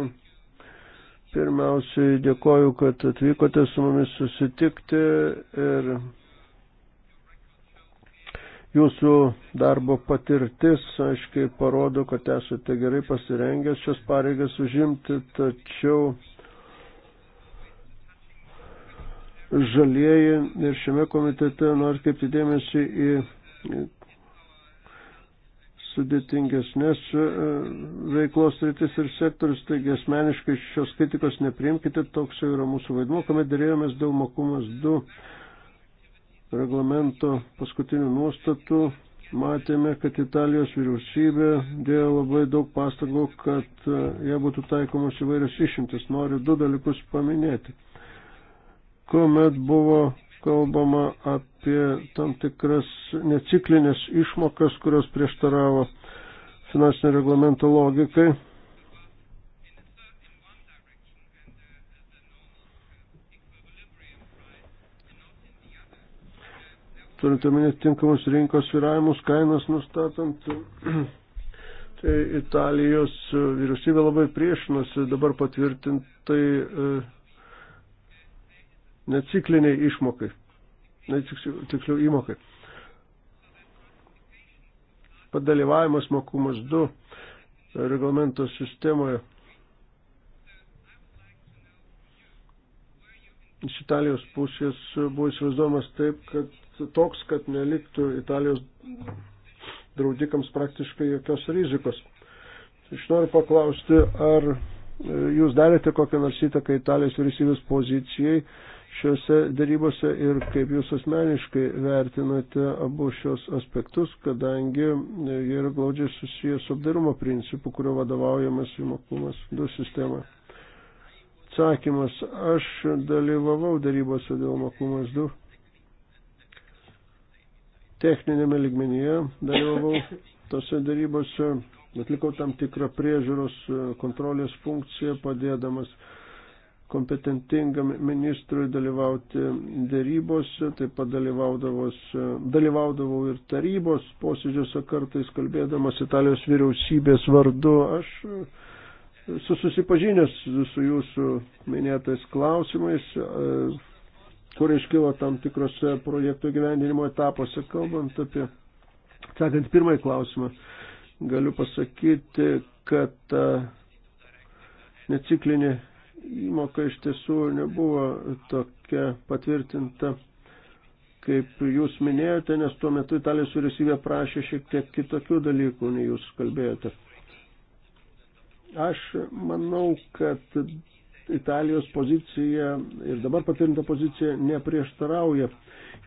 Pirmiausiai dėkoju, kad atvykote su mumis susitikti ir jūsų darbo patirtis, aiškiai, parodo, kad esate gerai pasirengęs šias pareigas užimti, tačiau žalieji ir šiame komitete noriu kaip įdėmėsi į sudėtingesnės e, veiklos rytis ir sektorius, taigi asmeniškai šios kritikos neprimkite, toks jau yra mūsų vaidmuo, kuomet dėrėjomės dėl mokumas 2 reglamento paskutinių nuostatų. Matėme, kad Italijos vyriausybė dėjo labai daug pastangų, kad jie būtų taikomos įvairios išimtis. Noriu du dalykus paminėti. Kuomet buvo kalbama apie tam tikras neciklinės išmokas, kurios prieštaravo finansinio reglamento logikai. Turint omenyje tinkamus rinkos sviravimus, kainas nustatant, <clears throat> tai Italijos vyriausybė labai priešinosi dabar patvirtintai e, necikliniai išmokai, tiksliau įmokai. Padalyvavimas mokumas 2 reglamento sistemoje. Iš Italijos pusės buvo įsivaizduojamas taip, kad toks, kad neliktų Italijos draudikams praktiškai jokios rizikos. Iš noriu paklausti, ar e, jūs darėte kokią nors įtaką Italijos vyriausybės pozicijai šiuose darybose ir kaip jūs asmeniškai vertinate abu šios aspektus, kadangi e, jie yra glaudžiai susijęs su apdarumo principu, kurio vadovaujamas įmoklumas du sistema. Atsakymas, aš dalyvavau darybose dėl moklumas 2. Techninėme ligmenyje dalyvavau tose darybose, atlikau tam tikrą priežiūros e, kontrolės funkciją, padėdamas uh, kompetentingam ministrui dalyvauti dėrybose, taip pat dalyvaudavau ir tarybos posėdžiuose kartais kalbėdamas Italijos vyriausybės vardu. Aš su susipažinęs su jūsų minėtais klausimais, kur iškilo tam tikrose projektų gyvendinimo etapuose, kalbant apie, sakant, pirmąjį klausimą, galiu pasakyti, kad neciklinė įmoka iš tiesų nebuvo tokia patvirtinta, kaip jūs minėjote, nes tuo metu Italijos vyriausybė prašė šiek tiek kitokių dalykų, nei jūs kalbėjote. Aš manau, kad Italijos pozicija ir dabar patvirtinta pozicija neprieštarauja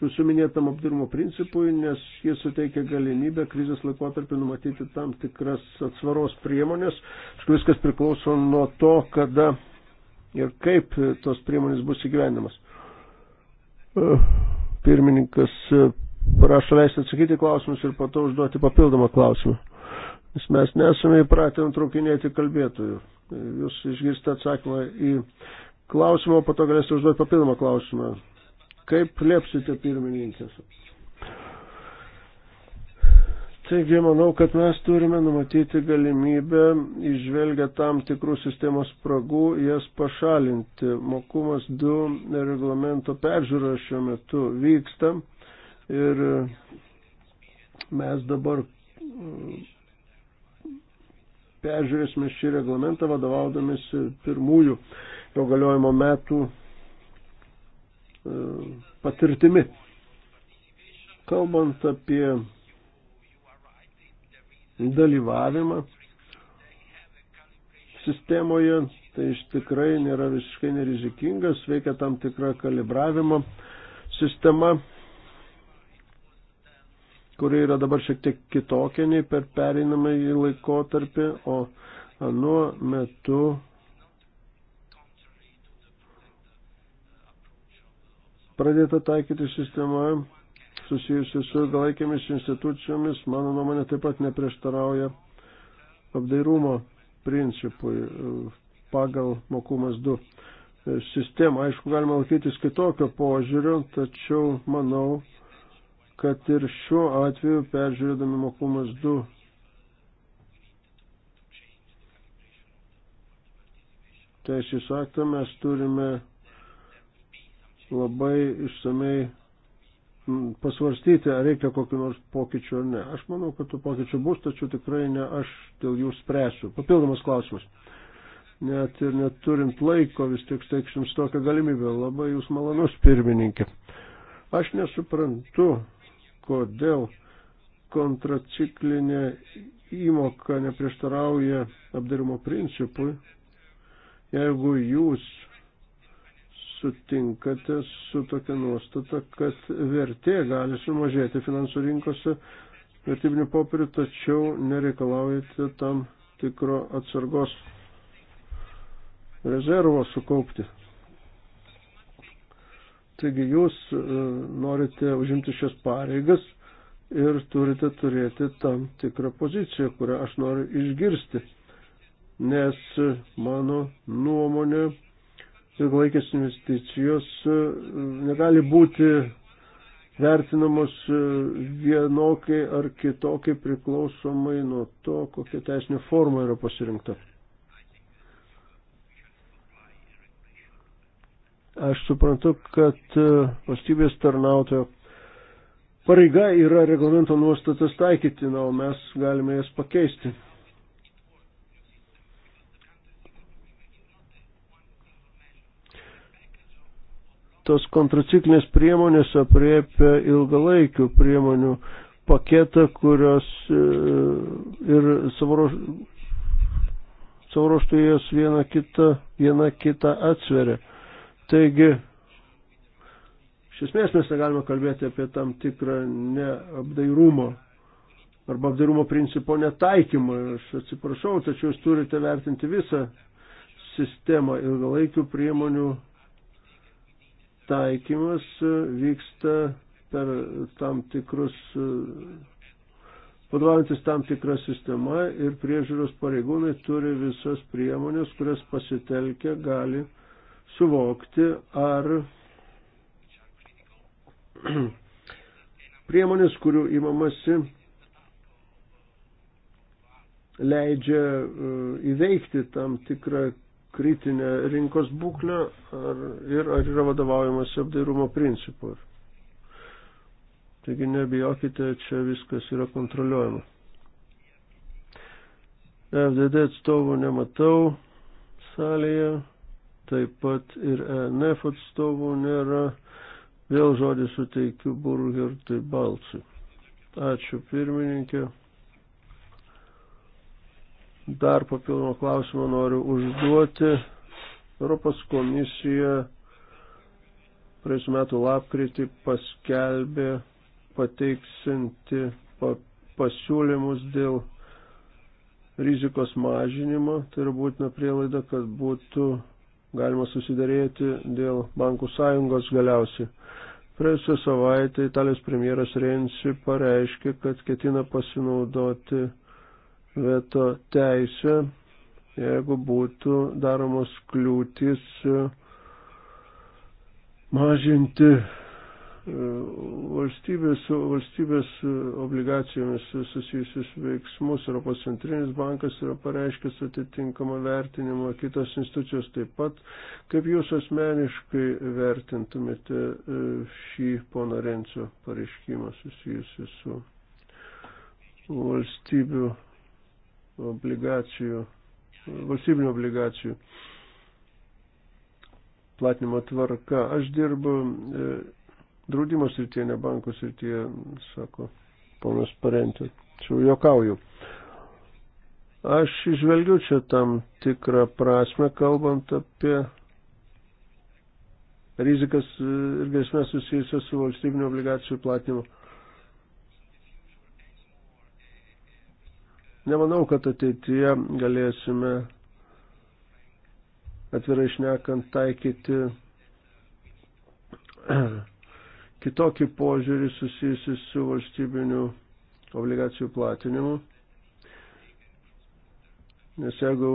jūsų minėtam apdirimo principui, nes jis suteikia galimybę krizės laikotarpį numatyti tam tikras atsvaros priemonės. Viskas priklauso nuo to, kada ir kaip tos priemonės bus įgyvendamas. E, pirmininkas e, prašo leisti atsakyti klausimus ir po to užduoti papildomą klausimą. Nes mes nesame įpratę nutraukinėti kalbėtojų. E, jūs išgirsite atsakymą į klausimą, po to galėsite užduoti papildomą klausimą. Kaip liepsite pirmininkės? Taigi manau, kad mes turime numatyti galimybę išvelgę tam tikrų sistemos spragų, jas pašalinti. Mokumas 2 reglamento peržiūra šiuo metu vyksta ir mes dabar uh, peržiūrėsime šį reglamentą vadovaudomėsi pirmųjų jo galiojimo metų uh, patirtimi. Kalbant apie dalyvavimą sistemoje, tai iš tikrai nėra visiškai nerizikingas, veikia tam tikra kalibravimo sistema, kuri yra dabar šiek tiek kitokia nei per pereinamąjį laikotarpį, o anuo metu pradėta taikyti sistema susijusi su ilgalaikėmis institucijomis, mano nuomonė, taip pat neprieštarauja apdairumo principui e, pagal mokumas 2 e, sistemą. Aišku, galima laikytis kitokio požiūrio, tačiau manau, kad ir šiuo atveju peržiūrėdami mokumas 2 teisės aktą mes turime labai išsamei pasvarstyti, ar reikia kokiu nors pokyčiu ar ne. Aš manau, kad tų pokyčių bus, tačiau tikrai ne aš dėl jų spręsiu. Papildomas klausimas. Net ir neturint laiko, vis tik steiksim tokią galimybę. Labai jūs malonus pirmininkė. Aš nesuprantu, kodėl kontraciklinė įmoka neprieštarauja apdarimo principui, jeigu jūs sutinkate su tokia nuostata, kad vertė gali sumažėti finansų rinkose vertybinių popierių, tačiau nereikalaujate tam tikro atsargos rezervo sukaupti. Taigi jūs e, norite užimti šias pareigas ir turite turėti tam tikrą poziciją, kurią aš noriu išgirsti. Nes mano nuomonė ilgalaikės investicijos e, negali būti vertinamos e, vienokiai ar kitokiai priklausomai nuo to, kokia teisinė forma yra pasirinkta. Aš suprantu, kad e, valstybės tarnautojo pareiga yra reglamento nuostatas taikyti, na, o mes galime jas pakeisti. tos kontraciklinės priemonės apriepia ilgalaikių priemonių paketą, kurios e, ir savo ruoštų jas viena kita, viena kita atsveria. Taigi, iš esmės mes negalime kalbėti apie tam tikrą neapdairumo arba apdairumo principo netaikymą. Aš atsiprašau, tačiau jūs turite vertinti visą sistemą ilgalaikių priemonių taikymas e, vyksta per tam tikrus, e, vadovaujantis tam tikrą sistemą ir priežiūros pareigūnai turi visas priemonės, kurias pasitelkia, gali suvokti, ar <clears throat> priemonės, kurių įmamasi, leidžia e, įveikti tam tikrą kritinę rinkos būklę ar, ir ar yra vadovaujamas apdairumo principu. Taigi nebijokite, čia viskas yra kontroliuojama. FDD atstovų nematau salėje, taip pat ir ENF atstovų nėra. Vėl žodį suteikiu Burgertui Balcui. Ačiū pirmininkė dar papildomą klausimą noriu užduoti. Europos komisija praėjusiu metu lapkritį paskelbė pateiksinti pasiūlymus dėl rizikos mažinimo. Tai yra būtina prielaida, kad būtų galima susidarėti dėl bankų sąjungos galiausiai. Praėjusią savaitę Italijos premjeras Renzi pareiškė, kad ketina pasinaudoti veto teisę, jeigu būtų daromos kliūtis e, mažinti e, valstybės, valstybės e, obligacijomis susijusius veiksmus. Europos centrinis bankas yra pareiškęs atitinkamą vertinimą, kitos institucijos taip pat. Kaip jūs asmeniškai vertintumėte šį pono Rencio pareiškimą susijusiu su valstybių obligacijų, valstybinių obligacijų platinimo tvarka. Aš dirbu e, draudimo srityje, ne bankų srityje, sako ponas Parentė. Čia jokauju. Aš išvelgiu čia tam tikrą prasme, kalbant apie rizikas e, ir grėsmės susijusios su valstybinio obligacijų platinimu Nemanau, kad ateityje galėsime atvirai šnekant taikyti <clears throat> kitokį požiūrį susijusi su valstybiniu obligacijų platinimu. Nes jeigu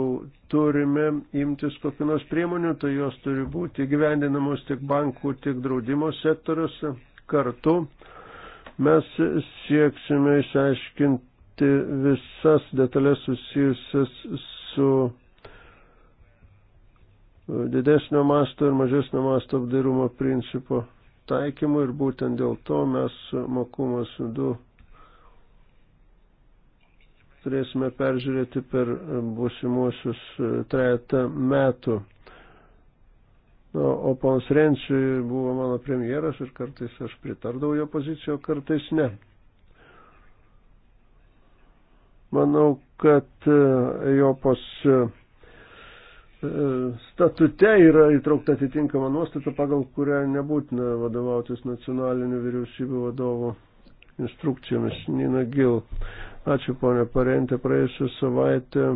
turime imtis kokios priemonių, tai jos turi būti gyvendinamos tiek bankų, tiek draudimo sektoriuose kartu. Mes sieksime išsiaiškinti apimti visas detalės susijusias su e, didesnio masto ir mažesnio masto apdairumo principo taikymu ir būtent dėl to mes mokumas 2 turėsime peržiūrėti per būsimuosius e, trejata metų. Nu, o ponas Renčiui buvo mano premjeras ir kartais aš pritardavau jo poziciją, o kartais ne. Manau, kad e, Jopos e, e, statute yra įtraukta atitinkama nuostata, pagal kurią nebūtina vadovautis nacionalinių vyriausybių vadovų instrukcijomis. Nina Gil, ačiū ponė Parentė, praėjusią savaitę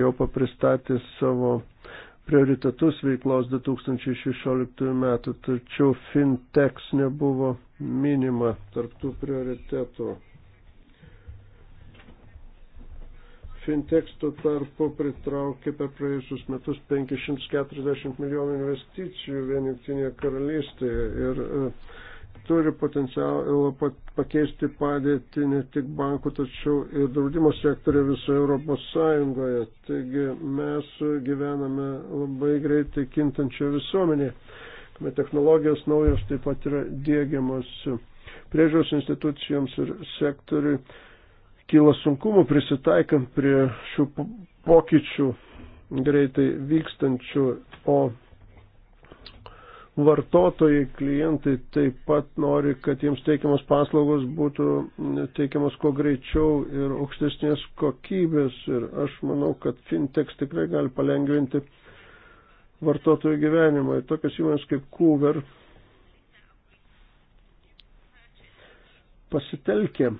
Jopa pristatė savo prioritetus veiklos 2016 metų, tačiau Fintex nebuvo minima tarptų prioritetų. Fintech tuo tarpu pritraukė per praėjusius metus 540 milijonų investicijų vien Junktinėje karalystėje ir e, turi potencialą pakeisti padėtį ne tik bankų, tačiau ir draudimo sektorė visoje Europos Sąjungoje. Taigi mes gyvename labai greitai kintančioje visuomenėje, kuomet technologijos naujos taip pat yra dėgiamos priežiūros institucijoms ir sektoriui kyla sunkumų prisitaikant prie šių pokyčių greitai vykstančių, o vartotojai, klientai taip pat nori, kad jiems teikiamas paslaugos būtų teikiamas kuo greičiau ir aukštesnės kokybės. Ir aš manau, kad fintechs tikrai gali palengvinti vartotojų gyvenimą. Ir tokias įmonės kaip Coover pasitelkė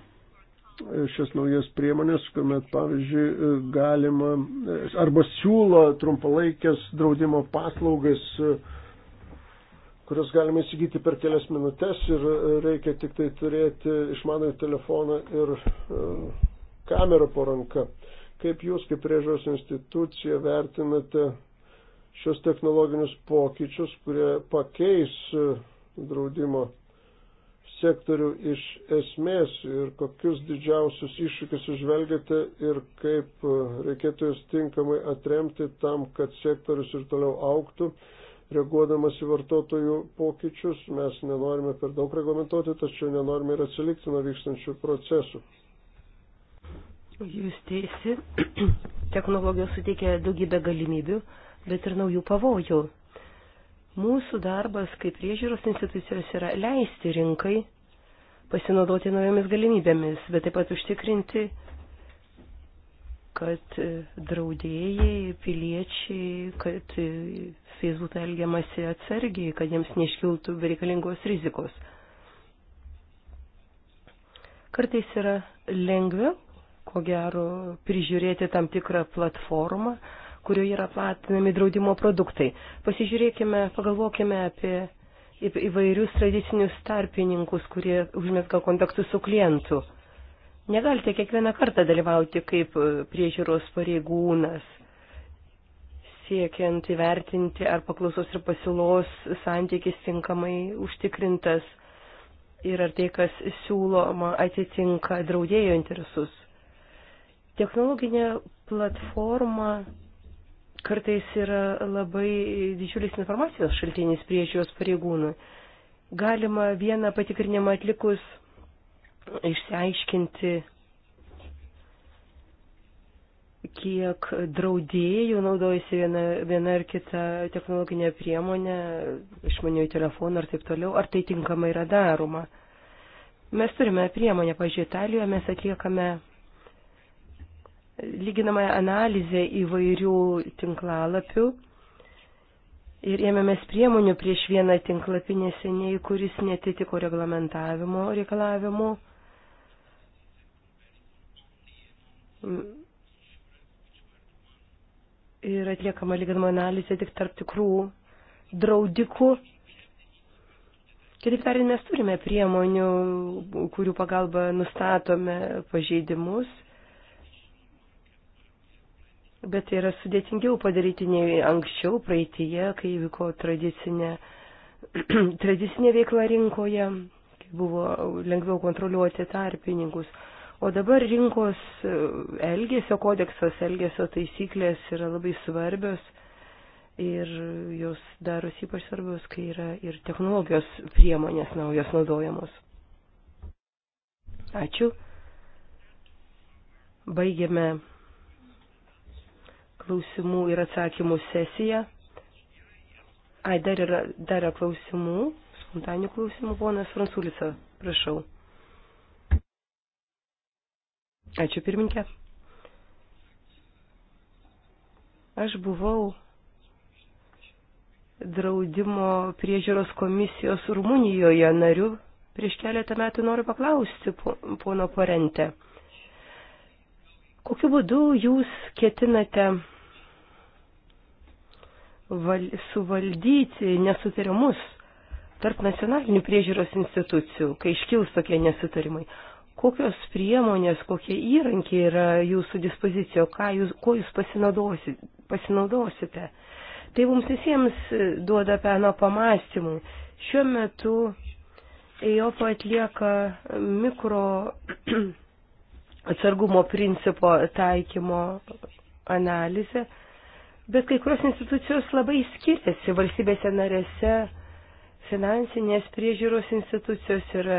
šias naujas priemonės, kuomet, pavyzdžiui, galima arba siūlo trumpalaikės draudimo paslaugas, kurias galima įsigyti per kelias minutės ir reikia tik tai turėti išmanųjį telefoną ir e, kamerą po ranka. Kaip jūs, kaip priežos institucija, vertinate šios technologinius pokyčius, kurie pakeis e, draudimo sektorių iš esmės ir kokius didžiausius iššūkius užvelgiate ir kaip e, reikėtų jūs tinkamai atremti tam, kad sektorius ir toliau auktų, reaguodamas į vartotojų pokyčius. Mes nenorime per daug reglamentuoti, tačiau nenorime ir atsilikti nuo vykstančių procesų. Jūs teisi, <clears throat> technologijos suteikia daugybę galimybių, bet ir naujų pavojų. Mūsų darbas kaip priežiūros institucijos yra leisti rinkai pasinaudoti naujomis galimybėmis, bet taip pat užtikrinti, kad draudėjai, piliečiai, kad jais būtų elgiamasi atsargiai, kad jiems neiškiltų bereikalingos rizikos. Kartais yra lengviau, ko gero, prižiūrėti tam tikrą platformą, kurioje yra platinami draudimo produktai. Pasižiūrėkime, pagalvokime apie įvairius tradicinius tarpininkus, kurie užmėsga kontaktus su klientu. Negalite kiekvieną kartą dalyvauti kaip e, priežiūros pareigūnas, siekiant įvertinti, ar paklausos ir pasiūlos santykis tinkamai užtikrintas ir ar tai, kas siūloma, atitinka draudėjo interesus. Technologinė platforma kartais yra labai didžiulis informacijos šaltinis priežiūros pareigūnų. Galima vieną patikrinimą atlikus išsiaiškinti, kiek draudėjų naudojasi viena, viena ar kita technologinė priemonė, išmaniųjų telefonų ir taip toliau, ar tai tinkamai yra daroma. Mes turime priemonę, pažiūrėjau, Italijoje mes atliekame lyginamąją analizę įvairių tinklalapių ir ėmėmės priemonių prieš vieną tinklapį neseniai, kuris netitiko reglamentavimo reikalavimų. Ir atliekama lyginama analizė tik tarp tikrų draudikų. Kitaip tariant, mes turime priemonių, kurių pagalba nustatome pažeidimus bet tai yra sudėtingiau padaryti nei anksčiau, praeitįje, kai vyko tradicinė, <clears throat> tradicinė veikla rinkoje, kai buvo lengviau kontroliuoti tarpininkus. O dabar rinkos e, elgesio kodeksas, elgesio taisyklės yra labai svarbios ir jos daros ypač svarbios, kai yra ir technologijos priemonės naujos naudojamos. Ačiū. Baigiame klausimų ir atsakymų sesiją. Ai, dar yra, dar yra klausimų, spontanių klausimų, ponas Fransulica, prašau. Ačiū pirminkė. Aš buvau draudimo priežiūros komisijos Rumunijoje nariu. Prieš keletą metų noriu paklausti pono Parente. Kokiu būdu jūs ketinate val, suvaldyti nesutarimus tarp nacionalinių priežiūros institucijų, kai iškils tokie nesutarimai. Kokios priemonės, kokie įrankiai yra jūsų dispozicijo, jūs, ko jūs pasinaudosi, pasinaudosite. Tai mums visiems duoda peno pamastymui. Šiuo metu EOPA atlieka mikro <clears throat> atsargumo principo taikymo analizę Bet kai kurios institucijos labai skiriasi valstybėse narėse. Finansinės priežiūros institucijos yra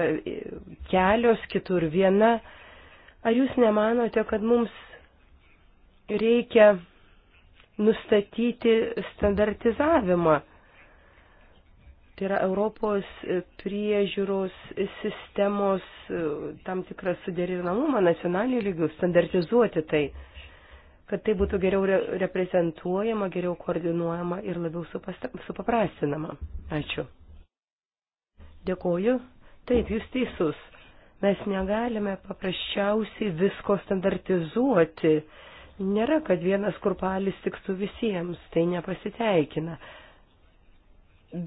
kelios, kitur viena. Ar jūs nemanote, kad mums reikia nustatyti standartizavimą? Tai yra Europos priežiūros sistemos e, tam tikrą suderinamumą nacionalinių lygių, standartizuoti tai kad tai būtų geriau re reprezentuojama, geriau koordinuojama ir labiau supaprastinama. Ačiū. Dėkoju. Taip, jūs teisus. Mes negalime paprasčiausiai visko standartizuoti. Nėra, kad vienas kurpalis tiktų visiems, tai nepasiteikina.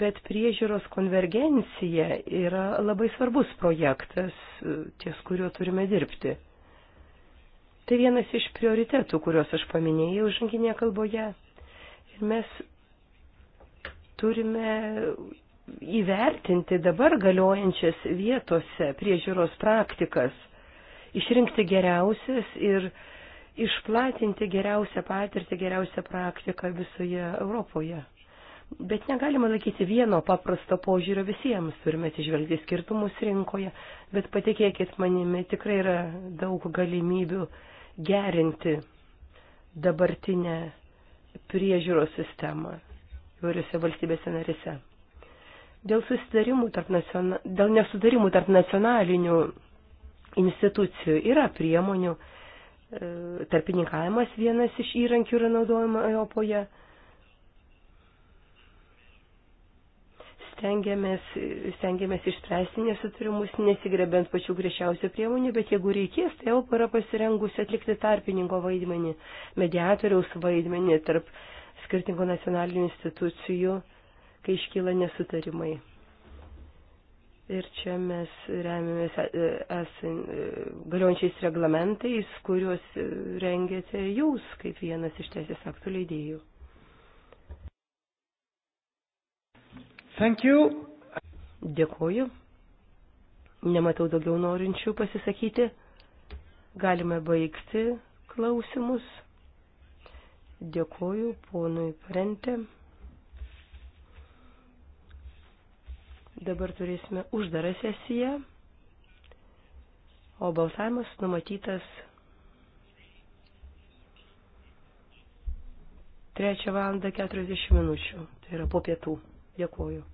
Bet priežiūros konvergencija yra labai svarbus projektas, ties kuriuo turime dirbti. Tai vienas iš prioritetų, kuriuos aš paminėjau žanginėje kalboje. Ir mes turime įvertinti dabar galiojančias vietose priežiūros praktikas, išrinkti geriausias ir išplatinti geriausią patirtį, geriausią praktiką visoje Europoje. Bet negalima laikyti vieno paprasto požiūrio visiems, turime atsižvelgti skirtumus rinkoje, bet patikėkit manimi, tikrai yra daug galimybių gerinti dabartinę priežiūros sistemą įvairiose valstybėse narise. Dėl, tarp naciona, dėl nesudarimų tarp nacionalinių institucijų yra priemonių, e, tarpininkavimas vienas iš įrankių yra naudojama Europoje. stengiamės, stengiamės išspręsti nesutarimus, nesigrebent pačių griežčiausių priemonių, bet jeigu reikės, tai jau yra pasirengusi atlikti tarpininko vaidmenį, mediatoriaus vaidmenį tarp skirtingų nacionalinių institucijų, kai iškyla nesutarimai. Ir čia mes remiamės e, e, galiojančiais reglamentais, kuriuos rengėte jūs kaip vienas iš teisės aktų leidėjų. Thank you. Dėkuoju. Nematau daugiau norinčių pasisakyti. Galime baigti klausimus. Dėkuoju ponui Prentė. Dabar turėsime uždarą sesiją, o balsavimas numatytas trečią valandą keturiasdešimt minučių, tai yra po pietų. Dėkuoju.